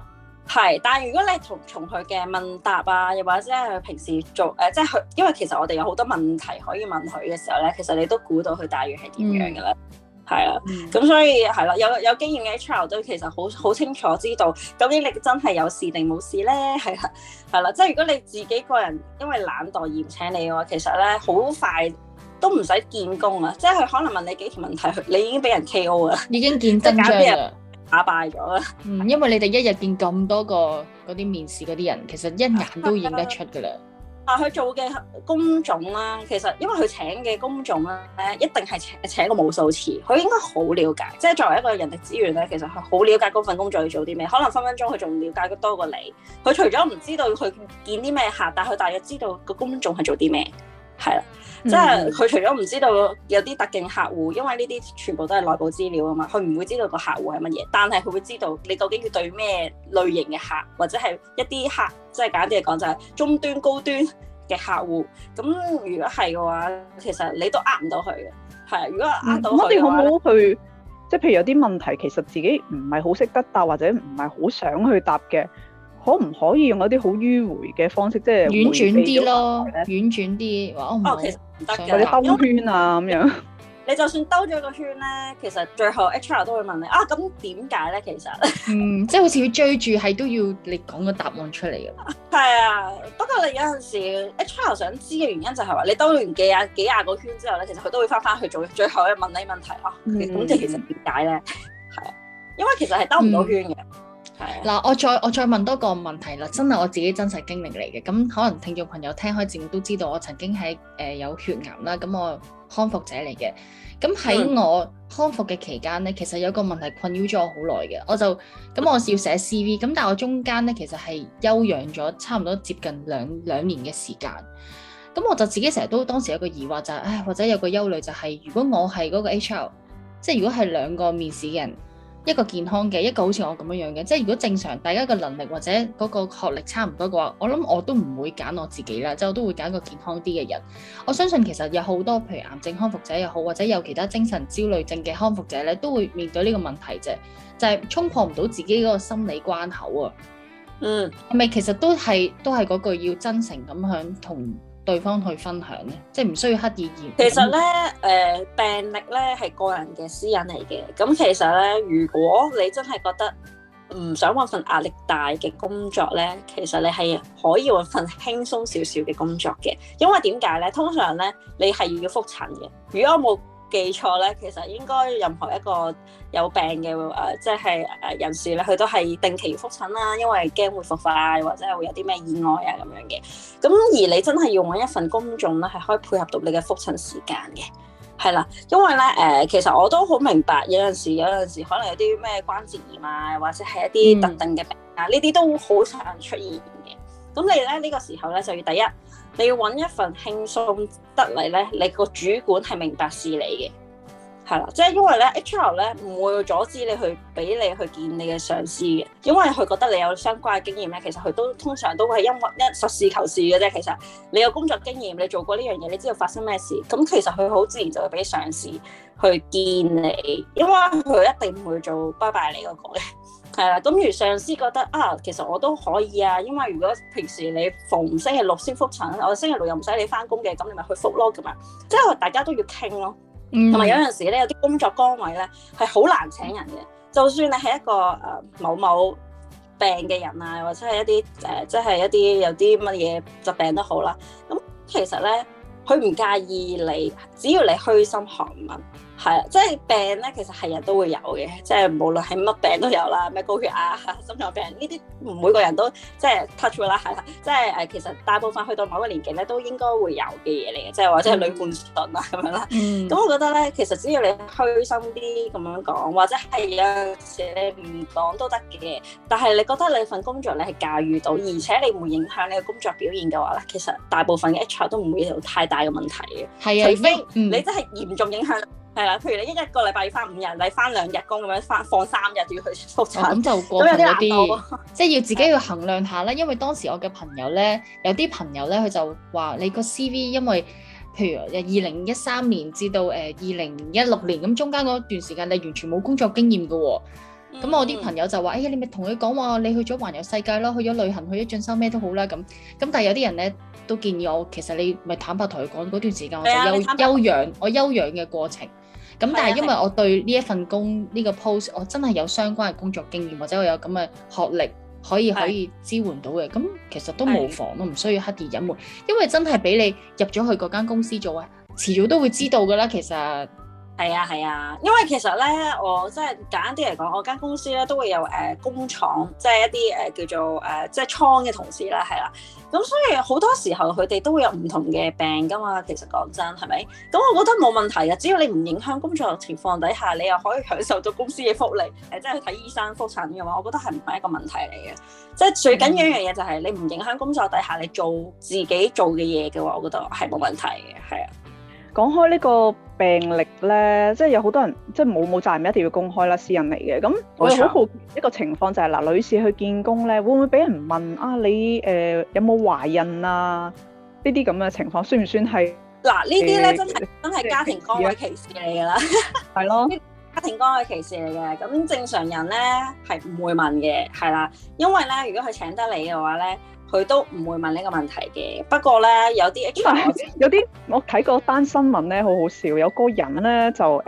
係，但係如果你同從佢嘅問答啊，又或者係佢平時做誒，即係佢，因為其實我哋有好多問題可以問佢嘅時候咧，其實你都估到佢大約係點樣嘅啦。嗯係啦，咁所以係啦，有有經驗嘅 HR 都其實好好清楚知道，究竟你真係有事定冇事咧？係啦，係啦，即係如果你自己個人因為懶惰而唔請你嘅話，其實咧好快都唔使見工啊！即係佢可能問你幾條問題，你已經俾人 KO 啦，已經見真章啦，俾人打敗咗啦。嗯，因為你哋一日見咁多個嗰啲面試嗰啲人， 其實一眼都認得出㗎啦。啊！佢做嘅工種啦，其實因為佢請嘅工種咧，一定係請請過無數次，佢應該好了解，即係作為一個人力資源咧，其實佢好了解嗰份工作要做啲咩。可能分分鐘佢仲了解得多過你。佢除咗唔知道佢見啲咩客，但係佢大約知道個工種係做啲咩。係啦，即係佢除咗唔知道有啲特定客戶，因為呢啲全部都係內部資料啊嘛，佢唔會知道個客戶係乜嘢，但係佢會知道你究竟要對咩類型嘅客，或者係一啲客，即係簡單嚟講就係、是、中端、高端嘅客戶。咁如果係嘅話，其實你都呃唔到佢嘅。係啊，如果呃到我哋好唔好去？即係譬如有啲問題，其實自己唔係好識得答，或者唔係好想去答嘅。可唔可以用一啲好迂回嘅方式，即係婉轉啲咯，婉轉啲其實唔得嘅，兜圈啊咁為樣。你就算兜咗個圈咧，其實最後 HR 都會問你啊，咁點解咧？其實嗯，即係好似要追住係都要你講個答案出嚟嘅。係 啊，不過你有陣時 HR 想知嘅原因就係話你兜完幾廿幾廿個圈之後咧，其實佢都會翻翻去做最後一問你問題咯。咁即係其實點解咧？係啊，因為其實係兜唔到圈嘅。嗯嗱，我再我再問多個問題啦，真係我自己真實經歷嚟嘅，咁可能聽眾朋友聽開節目都知道，我曾經喺誒、呃、有血癌啦，咁我，我康復者嚟嘅，咁喺我康復嘅期間呢，其實有個問題困擾咗我好耐嘅，我就咁我係要寫 CV，咁但係我中間呢，其實係休養咗差唔多接近兩兩年嘅時間，咁我就自己成日都當時有個疑惑就係、係，唉，或者有個憂慮就係、係，如果我係嗰個 HR，即係如果係兩個面試嘅人。一個健康嘅，一個好似我咁樣樣嘅，即係如果正常大家嘅能力或者嗰個學歷差唔多嘅話，我諗我都唔會揀我自己啦，即係我都會揀個健康啲嘅人。我相信其實有好多譬如癌症康復者又好，或者有其他精神焦慮症嘅康復者咧，都會面對呢個問題啫，就係衝破唔到自己嗰個心理關口啊。嗯，係咪其實都係都係嗰句要真誠咁樣同，對方去分享咧，即係唔需要刻意驗。其實咧，誒、呃、病歷咧係個人嘅私隱嚟嘅。咁其實咧，如果你真係覺得唔想搵份壓力大嘅工作咧，其實你係可以搵份輕鬆少少嘅工作嘅。因為點解咧？通常咧，你係要覆診嘅。如果我冇記錯咧，其實應該任何一個有病嘅誒、呃，即係誒、呃、人士咧，佢都係定期復診啦，因為驚會復發、啊、或者會有啲咩意外啊咁樣嘅。咁而你真係要揾一份工種咧，係可以配合到你嘅復診時間嘅，係啦。因為咧誒、呃，其實我都好明白，有陣時有陣時可能有啲咩關節炎啊，或者係一啲特定嘅病啊，呢啲、嗯、都好常出現嘅。咁你咧呢、這個時候咧就要第一。你要揾一份輕鬆得嚟咧，你個主管係明白事理嘅，係啦，即係因為咧，H R 咧唔會阻止你去俾你去見你嘅上司嘅，因為佢覺得你有相關嘅經驗咧，其實佢都通常都會係因為一實事求是嘅啫。其實你有工作經驗，你做過呢樣嘢，你知道發生咩事，咁其實佢好自然就會俾上司去見你，因為佢一定唔會做拜拜你個講。係啦，咁、嗯、如上司覺得啊，其實我都可以啊，因為如果平時你逢星期六先覆診，我星期六又唔使你返工嘅，咁你咪去覆咯，咁啊，即係大家都要傾咯，同埋、嗯、有陣時咧，有啲工作崗位咧係好難請人嘅，就算你係一個誒某某病嘅人啊，或者係一啲誒即係一啲有啲乜嘢疾病都好啦，咁其實咧佢唔介意你，只要你虛心學問。係啊，即係病咧，其實係人都會有嘅，即係無論係乜病都有啦，咩高血壓、心臟病呢啲，每個人都即係 touch 啦，係啦，即係誒，其實大部分去到某個年紀咧，都應該會有嘅嘢嚟嘅，即係或者係女伴順啊咁樣啦。咁我覺得咧，其實只要你虛心啲咁樣講，或者係有陣時你唔講都得嘅。但係你覺得你份工作你係駕馭到，而且你唔會影響你嘅工作表現嘅話咧，其實大部分嘅 HR 都唔會有太大嘅問題嘅，係啊，除非、嗯、你真係嚴重影響。係啦，譬如你一一個禮拜要返五日，你返兩日工咁樣，返放三日都要去復診。咁、哦、就過分嗰啲，即係要自己要衡量下啦。的因為當時我嘅朋友咧，有啲朋友咧，佢就話你個 CV，因為譬如二零一三年至到誒二零一六年咁中間嗰段時間，你完全冇工作經驗嘅喎、哦。咁、嗯、我啲朋友就話：哎呀，你咪同佢講話，你去咗環遊世界咯，去咗旅行，去咗進修咩都好啦。咁咁，但係有啲人咧都建議我，其實你咪坦白同佢講嗰段時間我就休，我休的休養，我休養嘅過程。咁但係因為我對呢一份工呢個 post，我真係有相關嘅工作經驗，或者我有咁嘅學歷可以可以支援到嘅，咁是的 其實都冇妨都唔是的 需要刻意隱瞞，因為真係俾你入咗去嗰間公司做啊，遲早都會知道㗎啦，其實。係啊係啊，因為其實咧，我即係簡單啲嚟講，我間公司咧都會有誒、呃、工廠，即係一啲誒、呃、叫做誒、呃、即係倉嘅同事啦，係啦、啊。咁所以好多時候佢哋都會有唔同嘅病㗎嘛。其實講真係咪？咁我覺得冇問題啊，只要你唔影響工作情況底下，你又可以享受到公司嘅福利，誒、呃、即係去睇醫生覆診嘅話，我覺得係唔係一個問題嚟嘅。即係最緊要一樣嘢就係你唔影響工作底下你做自己做嘅嘢嘅話，我覺得係冇問題嘅，係啊。講開呢個病歷咧，即係有好多人即係冇冇責任一定要公開啦，私人嚟嘅。咁我又好好一個情況就係嗱，女士去見工咧，會唔會俾人問啊？你誒有冇懷孕啊？呢啲咁嘅情況算唔算係？嗱呢啲咧真係真係家庭崗位歧視嚟㗎啦，係咯，家庭崗位歧視嚟嘅。咁正常人咧係唔會問嘅，係啦，因為咧如果佢請得你嘅話咧。佢都唔會問呢個問題嘅。不過咧，有啲有啲我睇過單新聞咧，好好笑。有個人咧就誒，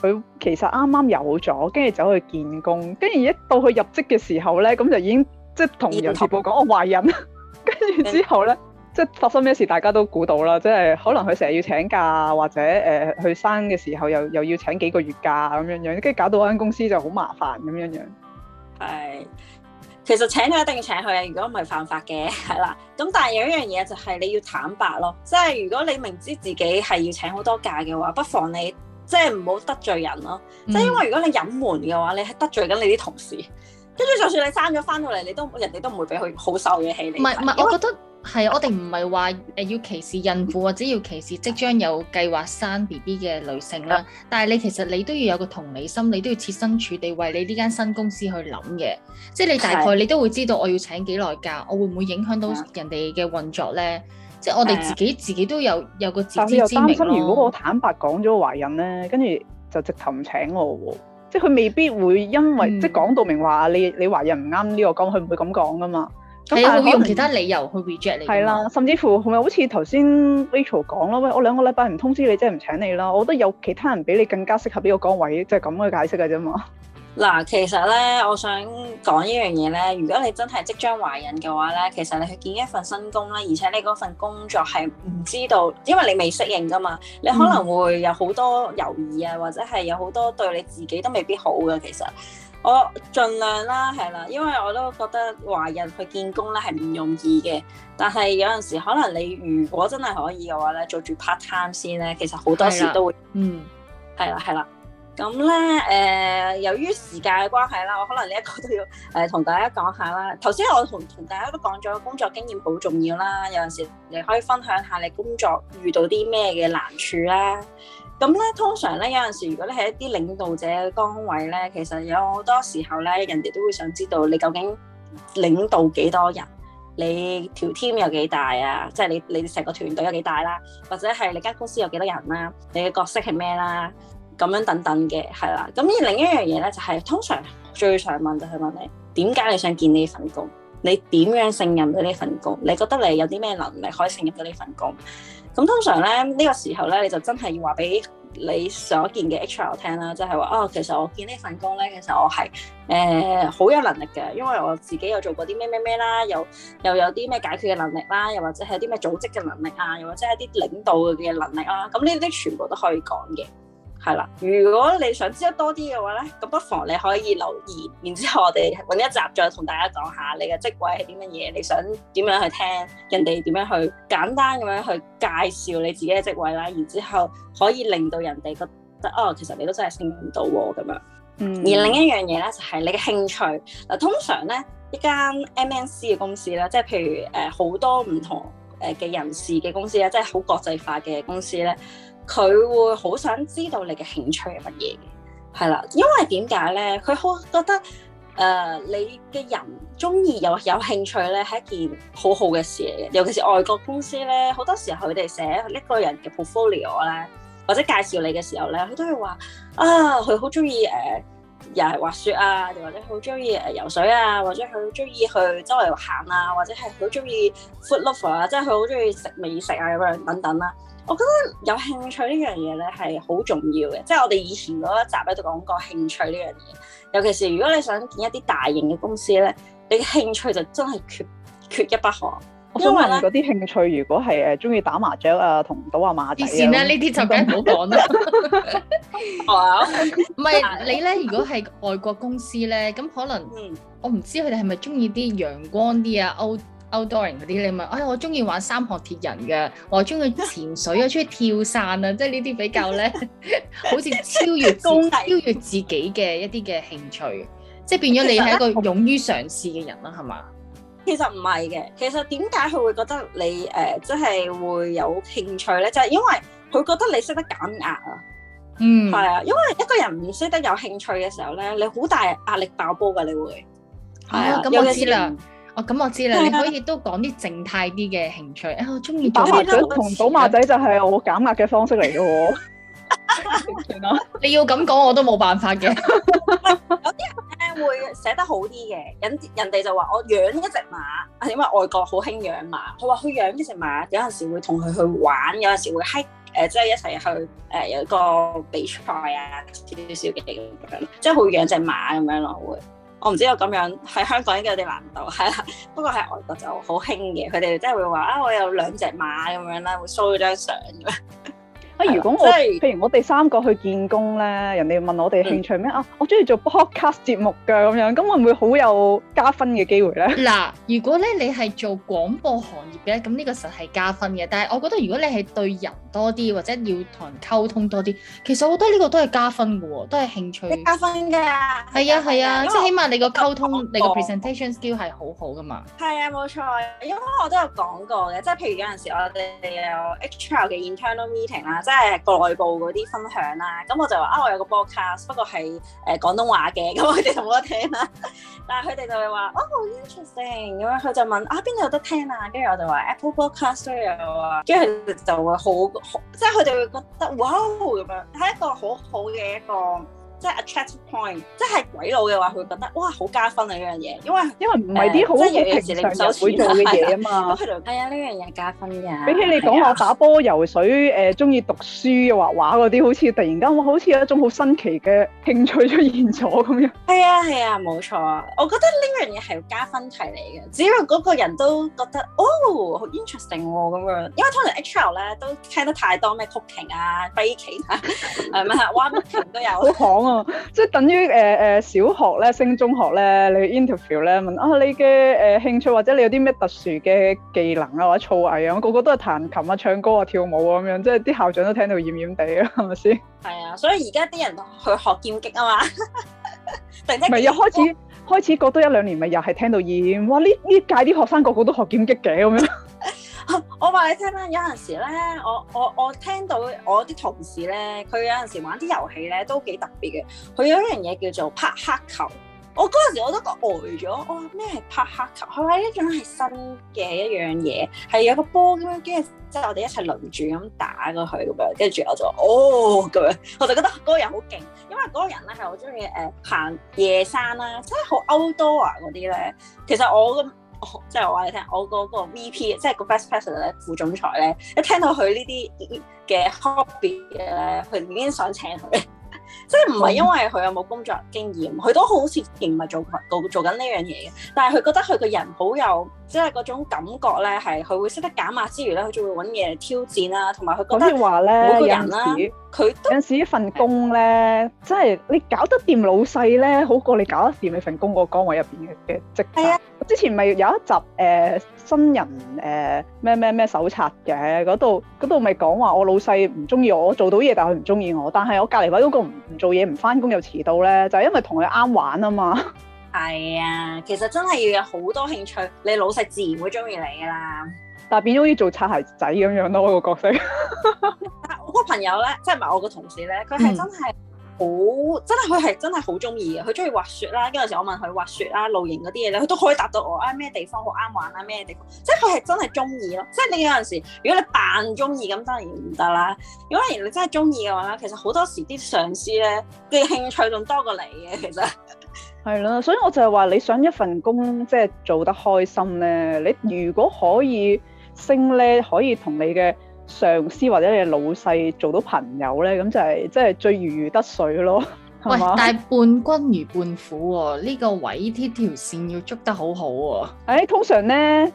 佢、呃、其實啱啱有咗，跟住走去見工，跟住一到去入職嘅時候咧，咁就已經即係同人事部講我懷孕。跟住、哦、 之後咧，嗯、即係發生咩事大家都估到啦。即係可能佢成日要請假，或者誒、呃、去生嘅時候又又要請幾個月假咁樣樣，跟住搞到間公司就好麻煩咁樣樣。係、哎。其實請佢一定要請佢啊，如果唔係犯法嘅，係啦。咁但係有一樣嘢就係你要坦白咯，即係如果你明知自己係要請好多假嘅話，不妨你，即係唔好得罪人咯。嗯，即係因為如果你隱瞞嘅話，你係得罪緊你啲同事。跟住就算你生咗返到嚟，你都人哋都唔會俾佢好受嘅氣你。唔係唔係，為我覺得係我哋唔係話誒要歧視孕婦或者要歧視即將有計劃生 BB 嘅女性啦。的但係你其實你都要有個同理心，你都要設身處地為你呢間新公司去諗嘅。即係你大概你都會知道我要請幾耐假，我會唔會影響到人哋嘅運作咧？的即係我哋自己自己都有有個自知之明咯。但係又擔心，如果我坦白講咗懷孕咧，跟住就直頭唔請我喎。即係佢未必會因為、嗯、即係講到明話，你你懷孕唔啱呢個崗，佢唔會咁講噶嘛。咁但係佢有其他理由去 reject 你係啦，甚至乎佢又好似頭先 Rachel 講啦，喂，我兩個禮拜唔通知你，即係唔請你啦。我覺得有其他人比你更加適合呢個崗位，即係咁去解釋㗎啫嘛。嗱，其實咧，我想講一樣嘢咧。如果你真係即將懷孕嘅話咧，其實你去見一份新工啦，而且你嗰份工作係唔知道，因為你未適應㗎嘛，你可能會有好多猶豫啊，或者係有好多對你自己都未必好嘅。其實我盡量啦，係啦，因為我都覺得懷孕去見工咧係唔容易嘅。但係有陣時可能你如果真係可以嘅話咧，做住 part time 先咧，其實好多時都會。嗯，係啦，係啦。咁咧，誒、呃，由於時間嘅關係啦，我可能呢一個都要誒同、呃、大家講下啦。頭先我同同大家都講咗工作經驗好重要啦，有陣時你可以分享下你工作遇到啲咩嘅難處啦。咁咧，通常咧有陣時，如果你係一啲領導者崗位咧，其實有好多時候咧，人哋都會想知道你究竟領導幾多人，你條 team 有幾大啊？即、就、係、是、你你成個團隊有幾大啦、啊，或者係你間公司有幾多人啦、啊，你嘅角色係咩啦？咁樣等等嘅係啦，咁而另一樣嘢咧就係、是、通常最常問就係問你點解你想見呢份工？你點樣勝任到呢份工？你覺得你有啲咩能力可以勝任到呢份工？咁通常咧呢、呢個時候咧你就真係要話俾你所見嘅 HR 聽啦，即係話哦，其實我見呢份工咧，其實我係誒好有能力嘅，因為我自己有做過啲咩咩咩啦，有又，又有啲咩解決嘅能力啦，又或者係啲咩組織嘅能力啊，又或者係啲領導嘅能力啊。」咁呢啲全部都可以講嘅。係啦，如果你想知得多啲嘅話咧，咁不妨你可以留言，然之後我哋揾一集再同大家講下你嘅職位係啲乜嘢，你想點樣去聽人哋點樣去簡單咁樣去介紹你自己嘅職位啦，然之後可以令到人哋覺得哦，其實你都真係勝任到咁樣。嗯。而另一樣嘢咧就係、是、你嘅興趣嗱，通常咧一間 MNC 嘅公司咧，即係譬如誒好、呃、多唔同誒嘅人士嘅公司咧，即係好國際化嘅公司咧。佢會好想知道你嘅興趣係乜嘢嘅，係啦，因為點解咧？佢好覺得誒、呃、你嘅人中意又有興趣咧，係一件好好嘅事嚟嘅。尤其是外國公司咧，好多時候佢哋寫一個人嘅 portfolio 咧，或者介紹你嘅時候咧，佢都係話啊，佢好中意誒，又、呃、係滑雪啊，或者好中意誒游水啊，或者佢好中意去周圍行啊，或者係好中意 food lover 啊，即係佢好中意食美食啊咁樣等等啦。我覺得有興趣呢樣嘢咧係好重要嘅，即係我哋以前嗰一集喺度講過興趣呢樣嘢。尤其是如果你想見一啲大型嘅公司咧，你嘅興趣就真係缺缺一不可。我想問嗰啲興趣如、啊啊啊啊，如果係誒中意打麻雀啊，同賭下馬仔啊，呢啲就梗唔好講啦。係啊，唔係你咧？如果係外國公司咧，咁可能我唔知佢哋係咪中意啲陽光啲啊歐 outdooring 啲你問，哎我中意玩三項鐵人嘅，我中意潛水啊，中意跳傘啊，即係呢啲比較咧，好似超越工超越自己嘅一啲嘅興趣，即係變咗你係一個勇於嘗試嘅人啦，係嘛？其實唔係嘅，其實點解佢會覺得你誒即係會有興趣咧？就係因為佢覺得你識得減壓啊，嗯，係啊，因為一個人唔識得有興趣嘅時候咧，你好大壓力爆煲㗎，你會係啊，咁我知啦。咁、哦、我知啦，啊、你可以都講啲靜態啲嘅興趣。哎、我中意寶馬仔，同寶馬仔就係我減壓嘅方式嚟嘅喎。 你，你要咁講我都冇辦法嘅。 有啲人咧會寫得好啲嘅，人人哋就話我養一隻馬，係因為外國好興養馬。佢話佢養一隻馬，有陣時會同佢去玩，有陣時會喺誒、呃就是呃啊，即係一齊去誒有個比賽啊，少少嘅咁樣，即係佢養隻馬咁樣咯，會。我唔知道我咁樣喺香港應該有啲難度，係啦。不過喺外國就好興嘅，佢哋真係會話啊，我有兩隻馬咁樣啦，會 show 咗張相咁 啊、如果我、就是、譬如我哋三個去見工咧，人哋問我哋興趣咩、嗯、啊？我中意做 podcast 節目㗎咁樣，咁會唔會好有加分嘅機會咧？嗱，如果咧你係做廣播行業嘅，咁呢個實係加分嘅。但係我覺得如果你係對人多啲，或者要同人溝通多啲，其實我覺得呢個都係加分嘅，都係興趣。加分㗎，係啊係啊，即係、啊啊、起碼你個溝通，你個 presentation skill 係好好㗎嘛。係啊，冇錯，因為我都有講過嘅，即、就、係、是、譬如有陣時我哋有 extra 嘅 internal meeting 啦。即係內部嗰啲分享啦，咁我就話啊，我有個 podcast，不過係誒、呃、廣東話嘅，咁佢哋就冇得聽啦。但係佢哋就會話、哦、啊，好 interesting，咁佢就問啊，邊度有得聽啊？跟住我就話 Apple Podcast 都有啊，跟住佢哋就會好，即係佢哋會覺得哇咁樣，係一個好好嘅一個。即係 attract point，即係鬼佬嘅話，佢會覺得哇，好加分啊呢樣嘢，因為因為唔係啲好平時你唔會做嘅嘢啊嘛，係啊呢樣嘢加分嘅。比起你講話打波、游水、誒中意讀書、畫畫嗰啲，好似突然間好似有一種好新奇嘅興趣出現咗咁樣，係啊係啊，冇錯啊，我覺得呢樣嘢係加分題嚟嘅，只要嗰個人都覺得哦，好 interesting 喎咁樣，因為通常 H r 咧都聽得太多咩 c o 曲奇啊、n g 啊、乜乜曲都有，好嗯、即係等於誒誒，小學咧升中學咧，你 interview 咧問啊，你嘅誒、呃、興趣或者你有啲咩特殊嘅技能啊或者酷藝啊，我個個都係彈琴啊、唱歌啊、跳舞啊咁樣，即係啲校長都聽到厭厭地啊，係咪先？係啊，所以而家啲人去學劍擊啊嘛，咪 又、啊、開始、哦、開始開始過多一兩年，咪又係聽到厭。哇！呢呢屆啲學生個個都學劍擊嘅咁樣。 我話你聽啦，有陣時咧，我我我聽到我啲同事咧，佢有陣時玩啲遊戲咧都幾特別嘅。佢有一樣嘢叫做拍黑球，我嗰陣時我都覺呆咗、呃。我話咩係拍黑球？佢話呢種係新嘅一樣嘢，係有個波咁樣，跟住即係我哋一齊輪住咁打過去咁樣，跟住我就哦咁樣，我就覺得嗰個人好勁，因為嗰個人咧係好中意誒行夜山啦、啊，即係好歐多啊嗰啲咧。其實我咁。即係我話你聽，我，我個嗰個 VP，即係個 vice president 咧，副總裁咧，一聽到佢呢啲嘅 hobby 咧，佢已經想請佢， 即係唔係因為佢有冇工作經驗，佢都好似並唔係做做做緊呢樣嘢嘅，但係佢覺得佢個人好有。即係嗰種感覺咧，係佢會識得減壓之餘咧，佢仲會揾嘢挑戰啦，同埋佢覺得呢每個人啦、啊，佢有時一都份工咧，即係你搞得掂老細咧，好過你搞得掂你份工個崗位入邊嘅嘅職責。啊的，之前咪有一集誒、呃、新人誒咩咩咩手冊嘅嗰度，嗰度咪講話我老細唔中意我做到嘢，但係佢唔中意我。但係我隔籬位嗰個唔唔做嘢，唔返工又遲到咧，就係、是、因為同佢啱玩啊嘛。係啊，其實真係要有好多興趣，你老細自然會中意你噶啦。但係變咗好似做擦鞋仔咁樣咯，啊，我個角色。 但我個朋友咧，即係唔係我個同事咧，佢係真係好，嗯、真係佢係真係好中意嘅。佢中意滑雪啦，跟住有時我問佢滑雪啦、露營嗰啲嘢咧，佢都可以答到我。啊，咩地方好啱玩啊？咩地方？即係佢係真係中意咯。即係你有陣時，如果你扮中意咁，當然唔得啦。如果你真係中意嘅話咧，其實好多時啲上司咧嘅興趣仲多過你嘅，其實。係啦，所以我就係話你想一份工即係做得開心咧，你如果可以升咧，可以同你嘅上司或者你老細做到朋友咧，咁就係、是、即係最如魚得水咯。喂，但係伴君如伴虎呢、哦這個位呢條線要捉得好好、哦、喎。誒，通常咧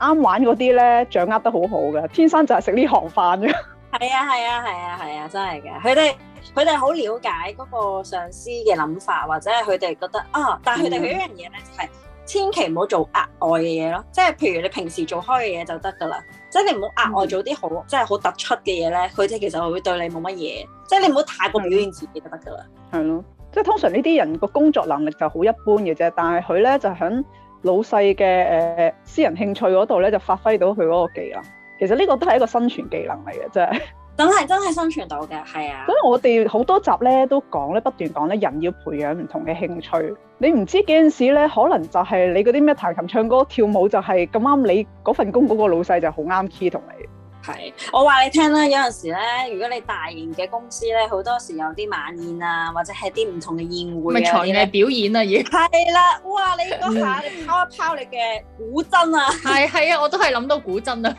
啱玩嗰啲咧掌握得好好嘅，天生就係食呢行飯嘅。係啊係啊係啊係啊，啊，啊，啊，啊，啊，真係嘅，佢哋。佢哋好了解嗰個上司嘅諗法，或者係佢哋覺得啊，但係佢哋一樣嘢咧就係千祈唔好做額外嘅嘢咯。即係譬如你平時做開嘅嘢就得噶啦，即係你唔好額外做啲好、嗯、即係好突出嘅嘢咧。佢哋其實會對你冇乜嘢，即係你唔好太過表現自己就得噶啦。係咯，即係通常呢啲人個工作能力就好一般嘅啫，但係佢咧就喺老細嘅誒私人興趣嗰度咧就發揮到佢嗰個技能。其實呢個都係一個生存技能嚟嘅，即係。咁係真係生存到嘅，係啊。所以我哋好多集咧都講咧，不斷講咧，人要培養唔同嘅興趣。你唔知幾陣時咧，可能就係你嗰啲咩彈琴、唱歌、跳舞，就係咁啱你嗰份工嗰個老細就好啱 key 同你。係，我話你聽啦，有陣時咧，如果你大型嘅公司咧，好多時有啲晚宴啊，或者係啲唔同嘅宴會啊，而嚟表演啊而。係啦、啊，哇！你嗰下你拋一拋你嘅古箏啊。係係 啊，我都係諗到古箏啊。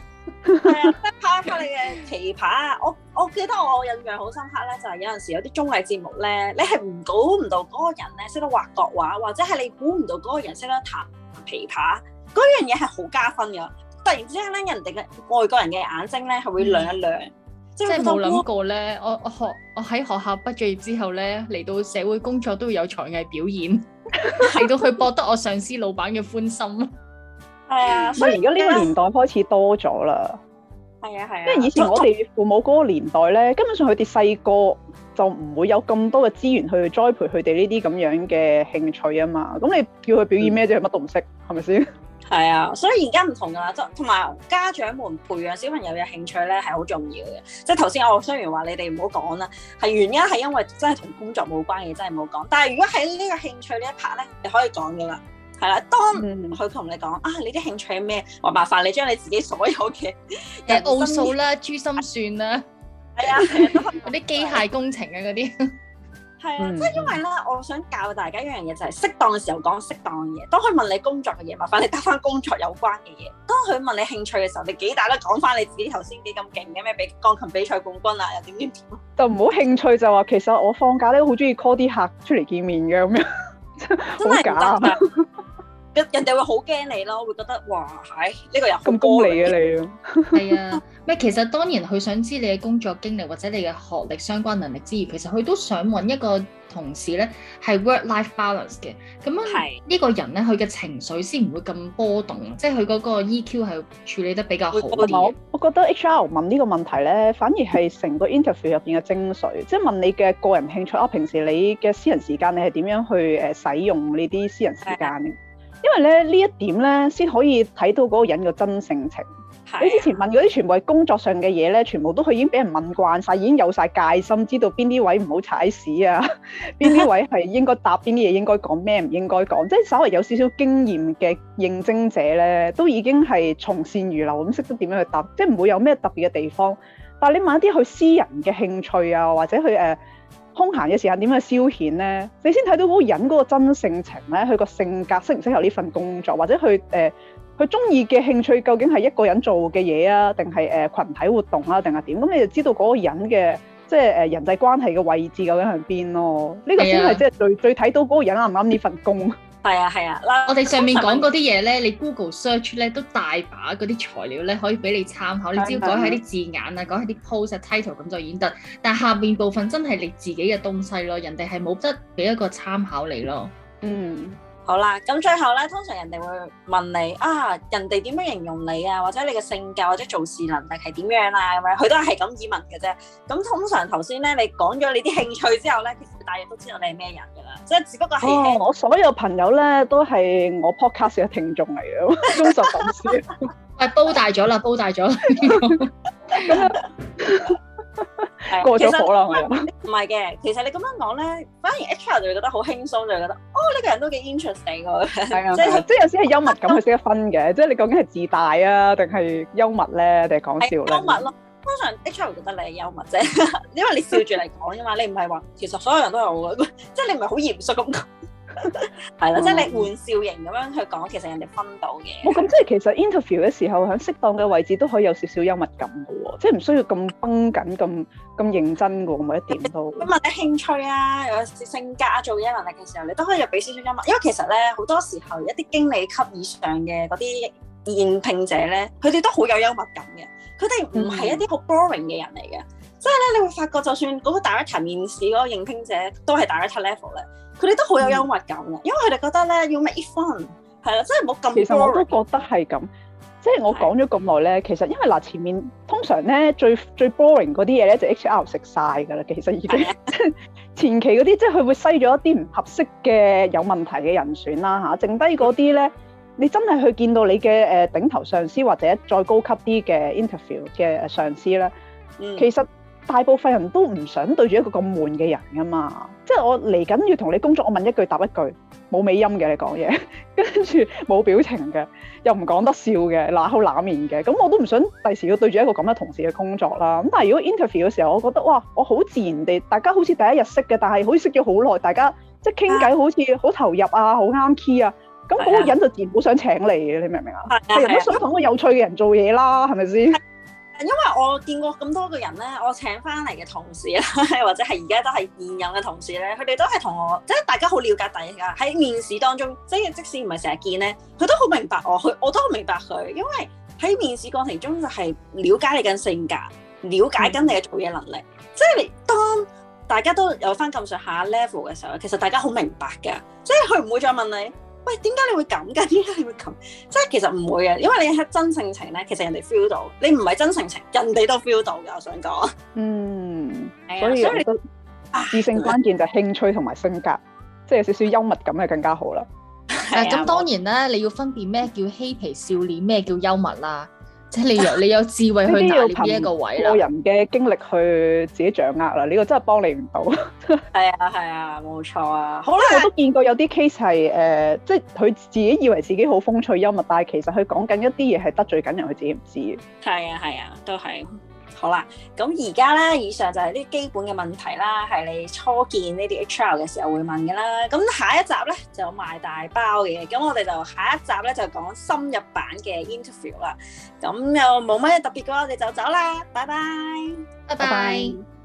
係啊，拍 一拍你嘅琵琶，我我記得我印象好深刻咧，就係、是、有陣時有啲綜藝節目咧，你係估唔到嗰個人咧識得畫國畫，或者係你估唔到嗰個人識得彈琵琶，嗰樣嘢係好加分嘅。突然之間咧，人哋嘅外國人嘅眼睛咧係會亮一亮，即係冇諗過咧哇。我學我學我喺學校畢咗業之後咧，嚟到社會工作都會有才藝表演，嚟到去博得我上司老闆嘅歡心。係啊，所以而家呢個年代開始多咗啦。係啊係啊，啊啊因為以前我哋父母嗰個年代咧， 根本上佢哋細個就唔會有咁多嘅資源去栽培佢哋呢啲咁樣嘅興趣啊嘛。咁你叫佢表演咩啫？佢乜都唔識，係咪先？係啊，所以而家唔同噶，同同埋家長們培養小朋友嘅興趣咧，係好重要嘅。即係頭先我雖然話你哋唔好講啦，係原因係因為真係同工作冇關嘅，真係唔好講。但係如果喺呢個興趣呢一 part 咧，你可以講噶啦。係啦、啊，當佢同你講啊，你啲興趣係咩？我麻煩你將你自己所有嘅誒奧數啦、珠心算啦，係啊，嗰啲、啊啊、 機械工程嘅嗰啲，係啊，即係、啊嗯、因為咧，我想教大家一樣嘢就係、是、適當嘅時候講適當嘅嘢。當佢問你工作嘅嘢，麻煩你答翻工作有關嘅嘢。當佢問你興趣嘅時候，你幾大咧講翻你自己頭先幾咁勁嘅咩？比鋼琴比賽冠軍啊，又點點點。就唔好興趣就話，其實我放假咧好中意 call 啲客出嚟見面嘅咁樣， 的真係假人哋會好驚你咯，會覺得哇，係、這、呢個人咁高嚟嘅你。係啊，咩、 啊、其實當然佢想知你嘅工作經歷或者你嘅學歷相關能力之餘，其實佢都想揾一個同事呢，係 work-life balance 嘅。咁樣呢個人呢，佢嘅情緒先唔會咁波動，即係佢嗰個 EQ 係處理得比較好啲。我我覺得，得 HR 問呢個問題呢，反而係成個 interview 入邊嘅精髓，即係問你嘅個人興趣。我、啊、平時你嘅私人時間，你係點樣去誒使用你啲私人時間？因為咧呢一點咧，先可以睇到嗰個人嘅真性情。啊、你之前問嗰啲全部係工作上嘅嘢咧，全部都佢已經俾人問慣晒，已經有晒戒心，知道邊啲位唔好踩屎啊，邊啲位係應該答邊啲嘢，應該講咩唔應該講， 即係稍微有少少經驗嘅應徵者咧，都已經係從善如流咁，識得點樣去答，即係唔會有咩特別嘅地方。但係你問一啲去私人嘅興趣啊，或者去……誒、呃。空閒嘅時候點樣消遣呢？你先睇到嗰個人嗰個真性情咧，佢個性格適唔適合呢份工作，或者佢誒佢中意嘅興趣究竟係一個人做嘅嘢啊，定係誒羣體活動啊，定係點？咁你就知道嗰個人嘅即係人際關係嘅位置究竟係邊咯。呢、啊、個先係最最睇到嗰個人啱唔啱呢份工。係啊係啊，啊我哋上面講嗰啲嘢咧，你 Google search 咧都大把嗰啲材料咧，可以俾你參考，對你只要改下啲字眼啊，改下啲 post title 咁就已經得，但下面部分真係你自己嘅東西咯，人哋係冇得俾一個參考你咯。嗯。好啦，咁最後咧，通常人哋會問你啊，人哋點樣形容你啊，或者你嘅性格或者做事能力係點樣啊，咁樣佢都係咁以問嘅啫。咁通常頭先咧，你講咗你啲興趣之後咧，其實大約都知道你係咩人噶啦。即係只不過係我所有朋友咧，都係我 podcast 嘅聽眾嚟嘅，忠實粉絲。係煲大咗啦，煲大咗。 過咗火啦，唔係嘅，其實你咁 樣講咧，反而 HR 就會覺得好輕鬆，就覺得哦呢、oh，個人都幾 interesting 嘅，即係即係先係幽默感去識得分嘅， 即係你究竟係自大啊，定係幽默咧，定係講笑咧？ 幽默咯，通常 HR 覺得你係幽默啫，因為你笑住嚟講嘅嘛，你唔係話其實所有人都係我，即係你唔係好嚴肅咁講。係啦， 了嗯、即係你玩笑型咁樣去講，其實人哋分到嘅。咁即係其實 interview 嘅時候，喺適當嘅位置都可以有少少幽默感嘅喎，即係唔需要咁繃緊、咁咁認真嘅喎，每一點都。你問啲興趣啊，有啲性格、啊、做嘢能力嘅時候，你都可以有俾少少幽默。因為其實咧，好多時候一啲經理級以上嘅嗰啲應聘者咧，佢哋都好有幽默感嘅。佢哋唔係一啲好 boring 嘅人嚟嘅，即係咧，你會發覺就算嗰個 director 面試嗰個應聘者都係 director level 咧。佢哋都好有幽默感，啊、嗯，因為佢哋覺得咧 要 make fun，係啦，真係冇咁。其實我都覺得係咁，即係我講咗咁耐咧。的其實因為嗱，前面通常咧最最 boring 嗰啲嘢咧就 HR 食晒㗎啦。其實已經的 前期嗰啲即係佢會篩咗一啲唔合適嘅有問題嘅人選啦吓，剩低嗰啲咧，嗯、你真係去見到你嘅誒、呃、頂頭上司或者再高級啲嘅 interview 嘅上司咧，其實。嗯。大部分人都唔想對住一個咁悶嘅人㗎嘛，即係我嚟緊要同你工作，我問一句答一句，冇尾音嘅你講嘢，跟住冇表情嘅，又唔講得笑嘅，冷口冷面嘅，咁我都唔想第時要對住一個咁嘅同事去工作啦。咁但係如果 interview 嘅時候，我覺得哇，我好自然地，大家好似第一日識嘅，但係好似識咗好耐，大家即係傾偈好似好投入啊，好啱 key 啊，咁嗰個人就自然好想請你嘅，你明唔明啊？係 Okay. 人都想同個有趣嘅人做嘢啦，係咪先？因為我見過咁多個人咧，我請翻嚟嘅同事啦，或者係而家都係現任嘅同事咧，佢哋都係同我，即係大家好了解大家。喺面試當中，即係即使唔係成日見咧，佢都好明白我，佢我都好明白佢，因為喺面試過程中就係了解你嘅性格，了解緊你嘅做嘢能力。嗯、即係當大家都有翻咁上下 level 嘅時候，其實大家好明白㗎。即係佢唔會再問你。喂，點解你會咁噶？點解你會咁？即係其實唔會嘅，因為你係真性情咧，其實人哋 feel 到。你唔係真性情，人哋都 feel 到嘅。我想講，嗯，的所以我覺得致勝關鍵就係興趣同埋性格，即係、啊、有少少幽默感係更加好啦。誒，咁當然咧，你要分辨咩叫嬉皮笑臉，咩叫幽默啦。即係你有你有智慧去揀呢一個位啦，個人嘅經歷去自己掌握啦，呢個真係幫你唔到。係啊係啊，冇錯啊。好啦，我都見過有啲 case 係誒，即係佢自己以為自己好風趣幽默，但係其實佢講緊一啲嘢係得罪緊人，佢自己唔知嘅。係啊係啊，都係。好啦，咁而家咧，以上就係啲基本嘅問題啦，係你初見呢啲 HR 嘅時候會問嘅啦。咁下一集咧就賣大包嘅，咁我哋就下一集咧就講深入版嘅 interview 啦。咁又冇乜嘢特別嘅，我哋就走啦，拜拜，拜拜。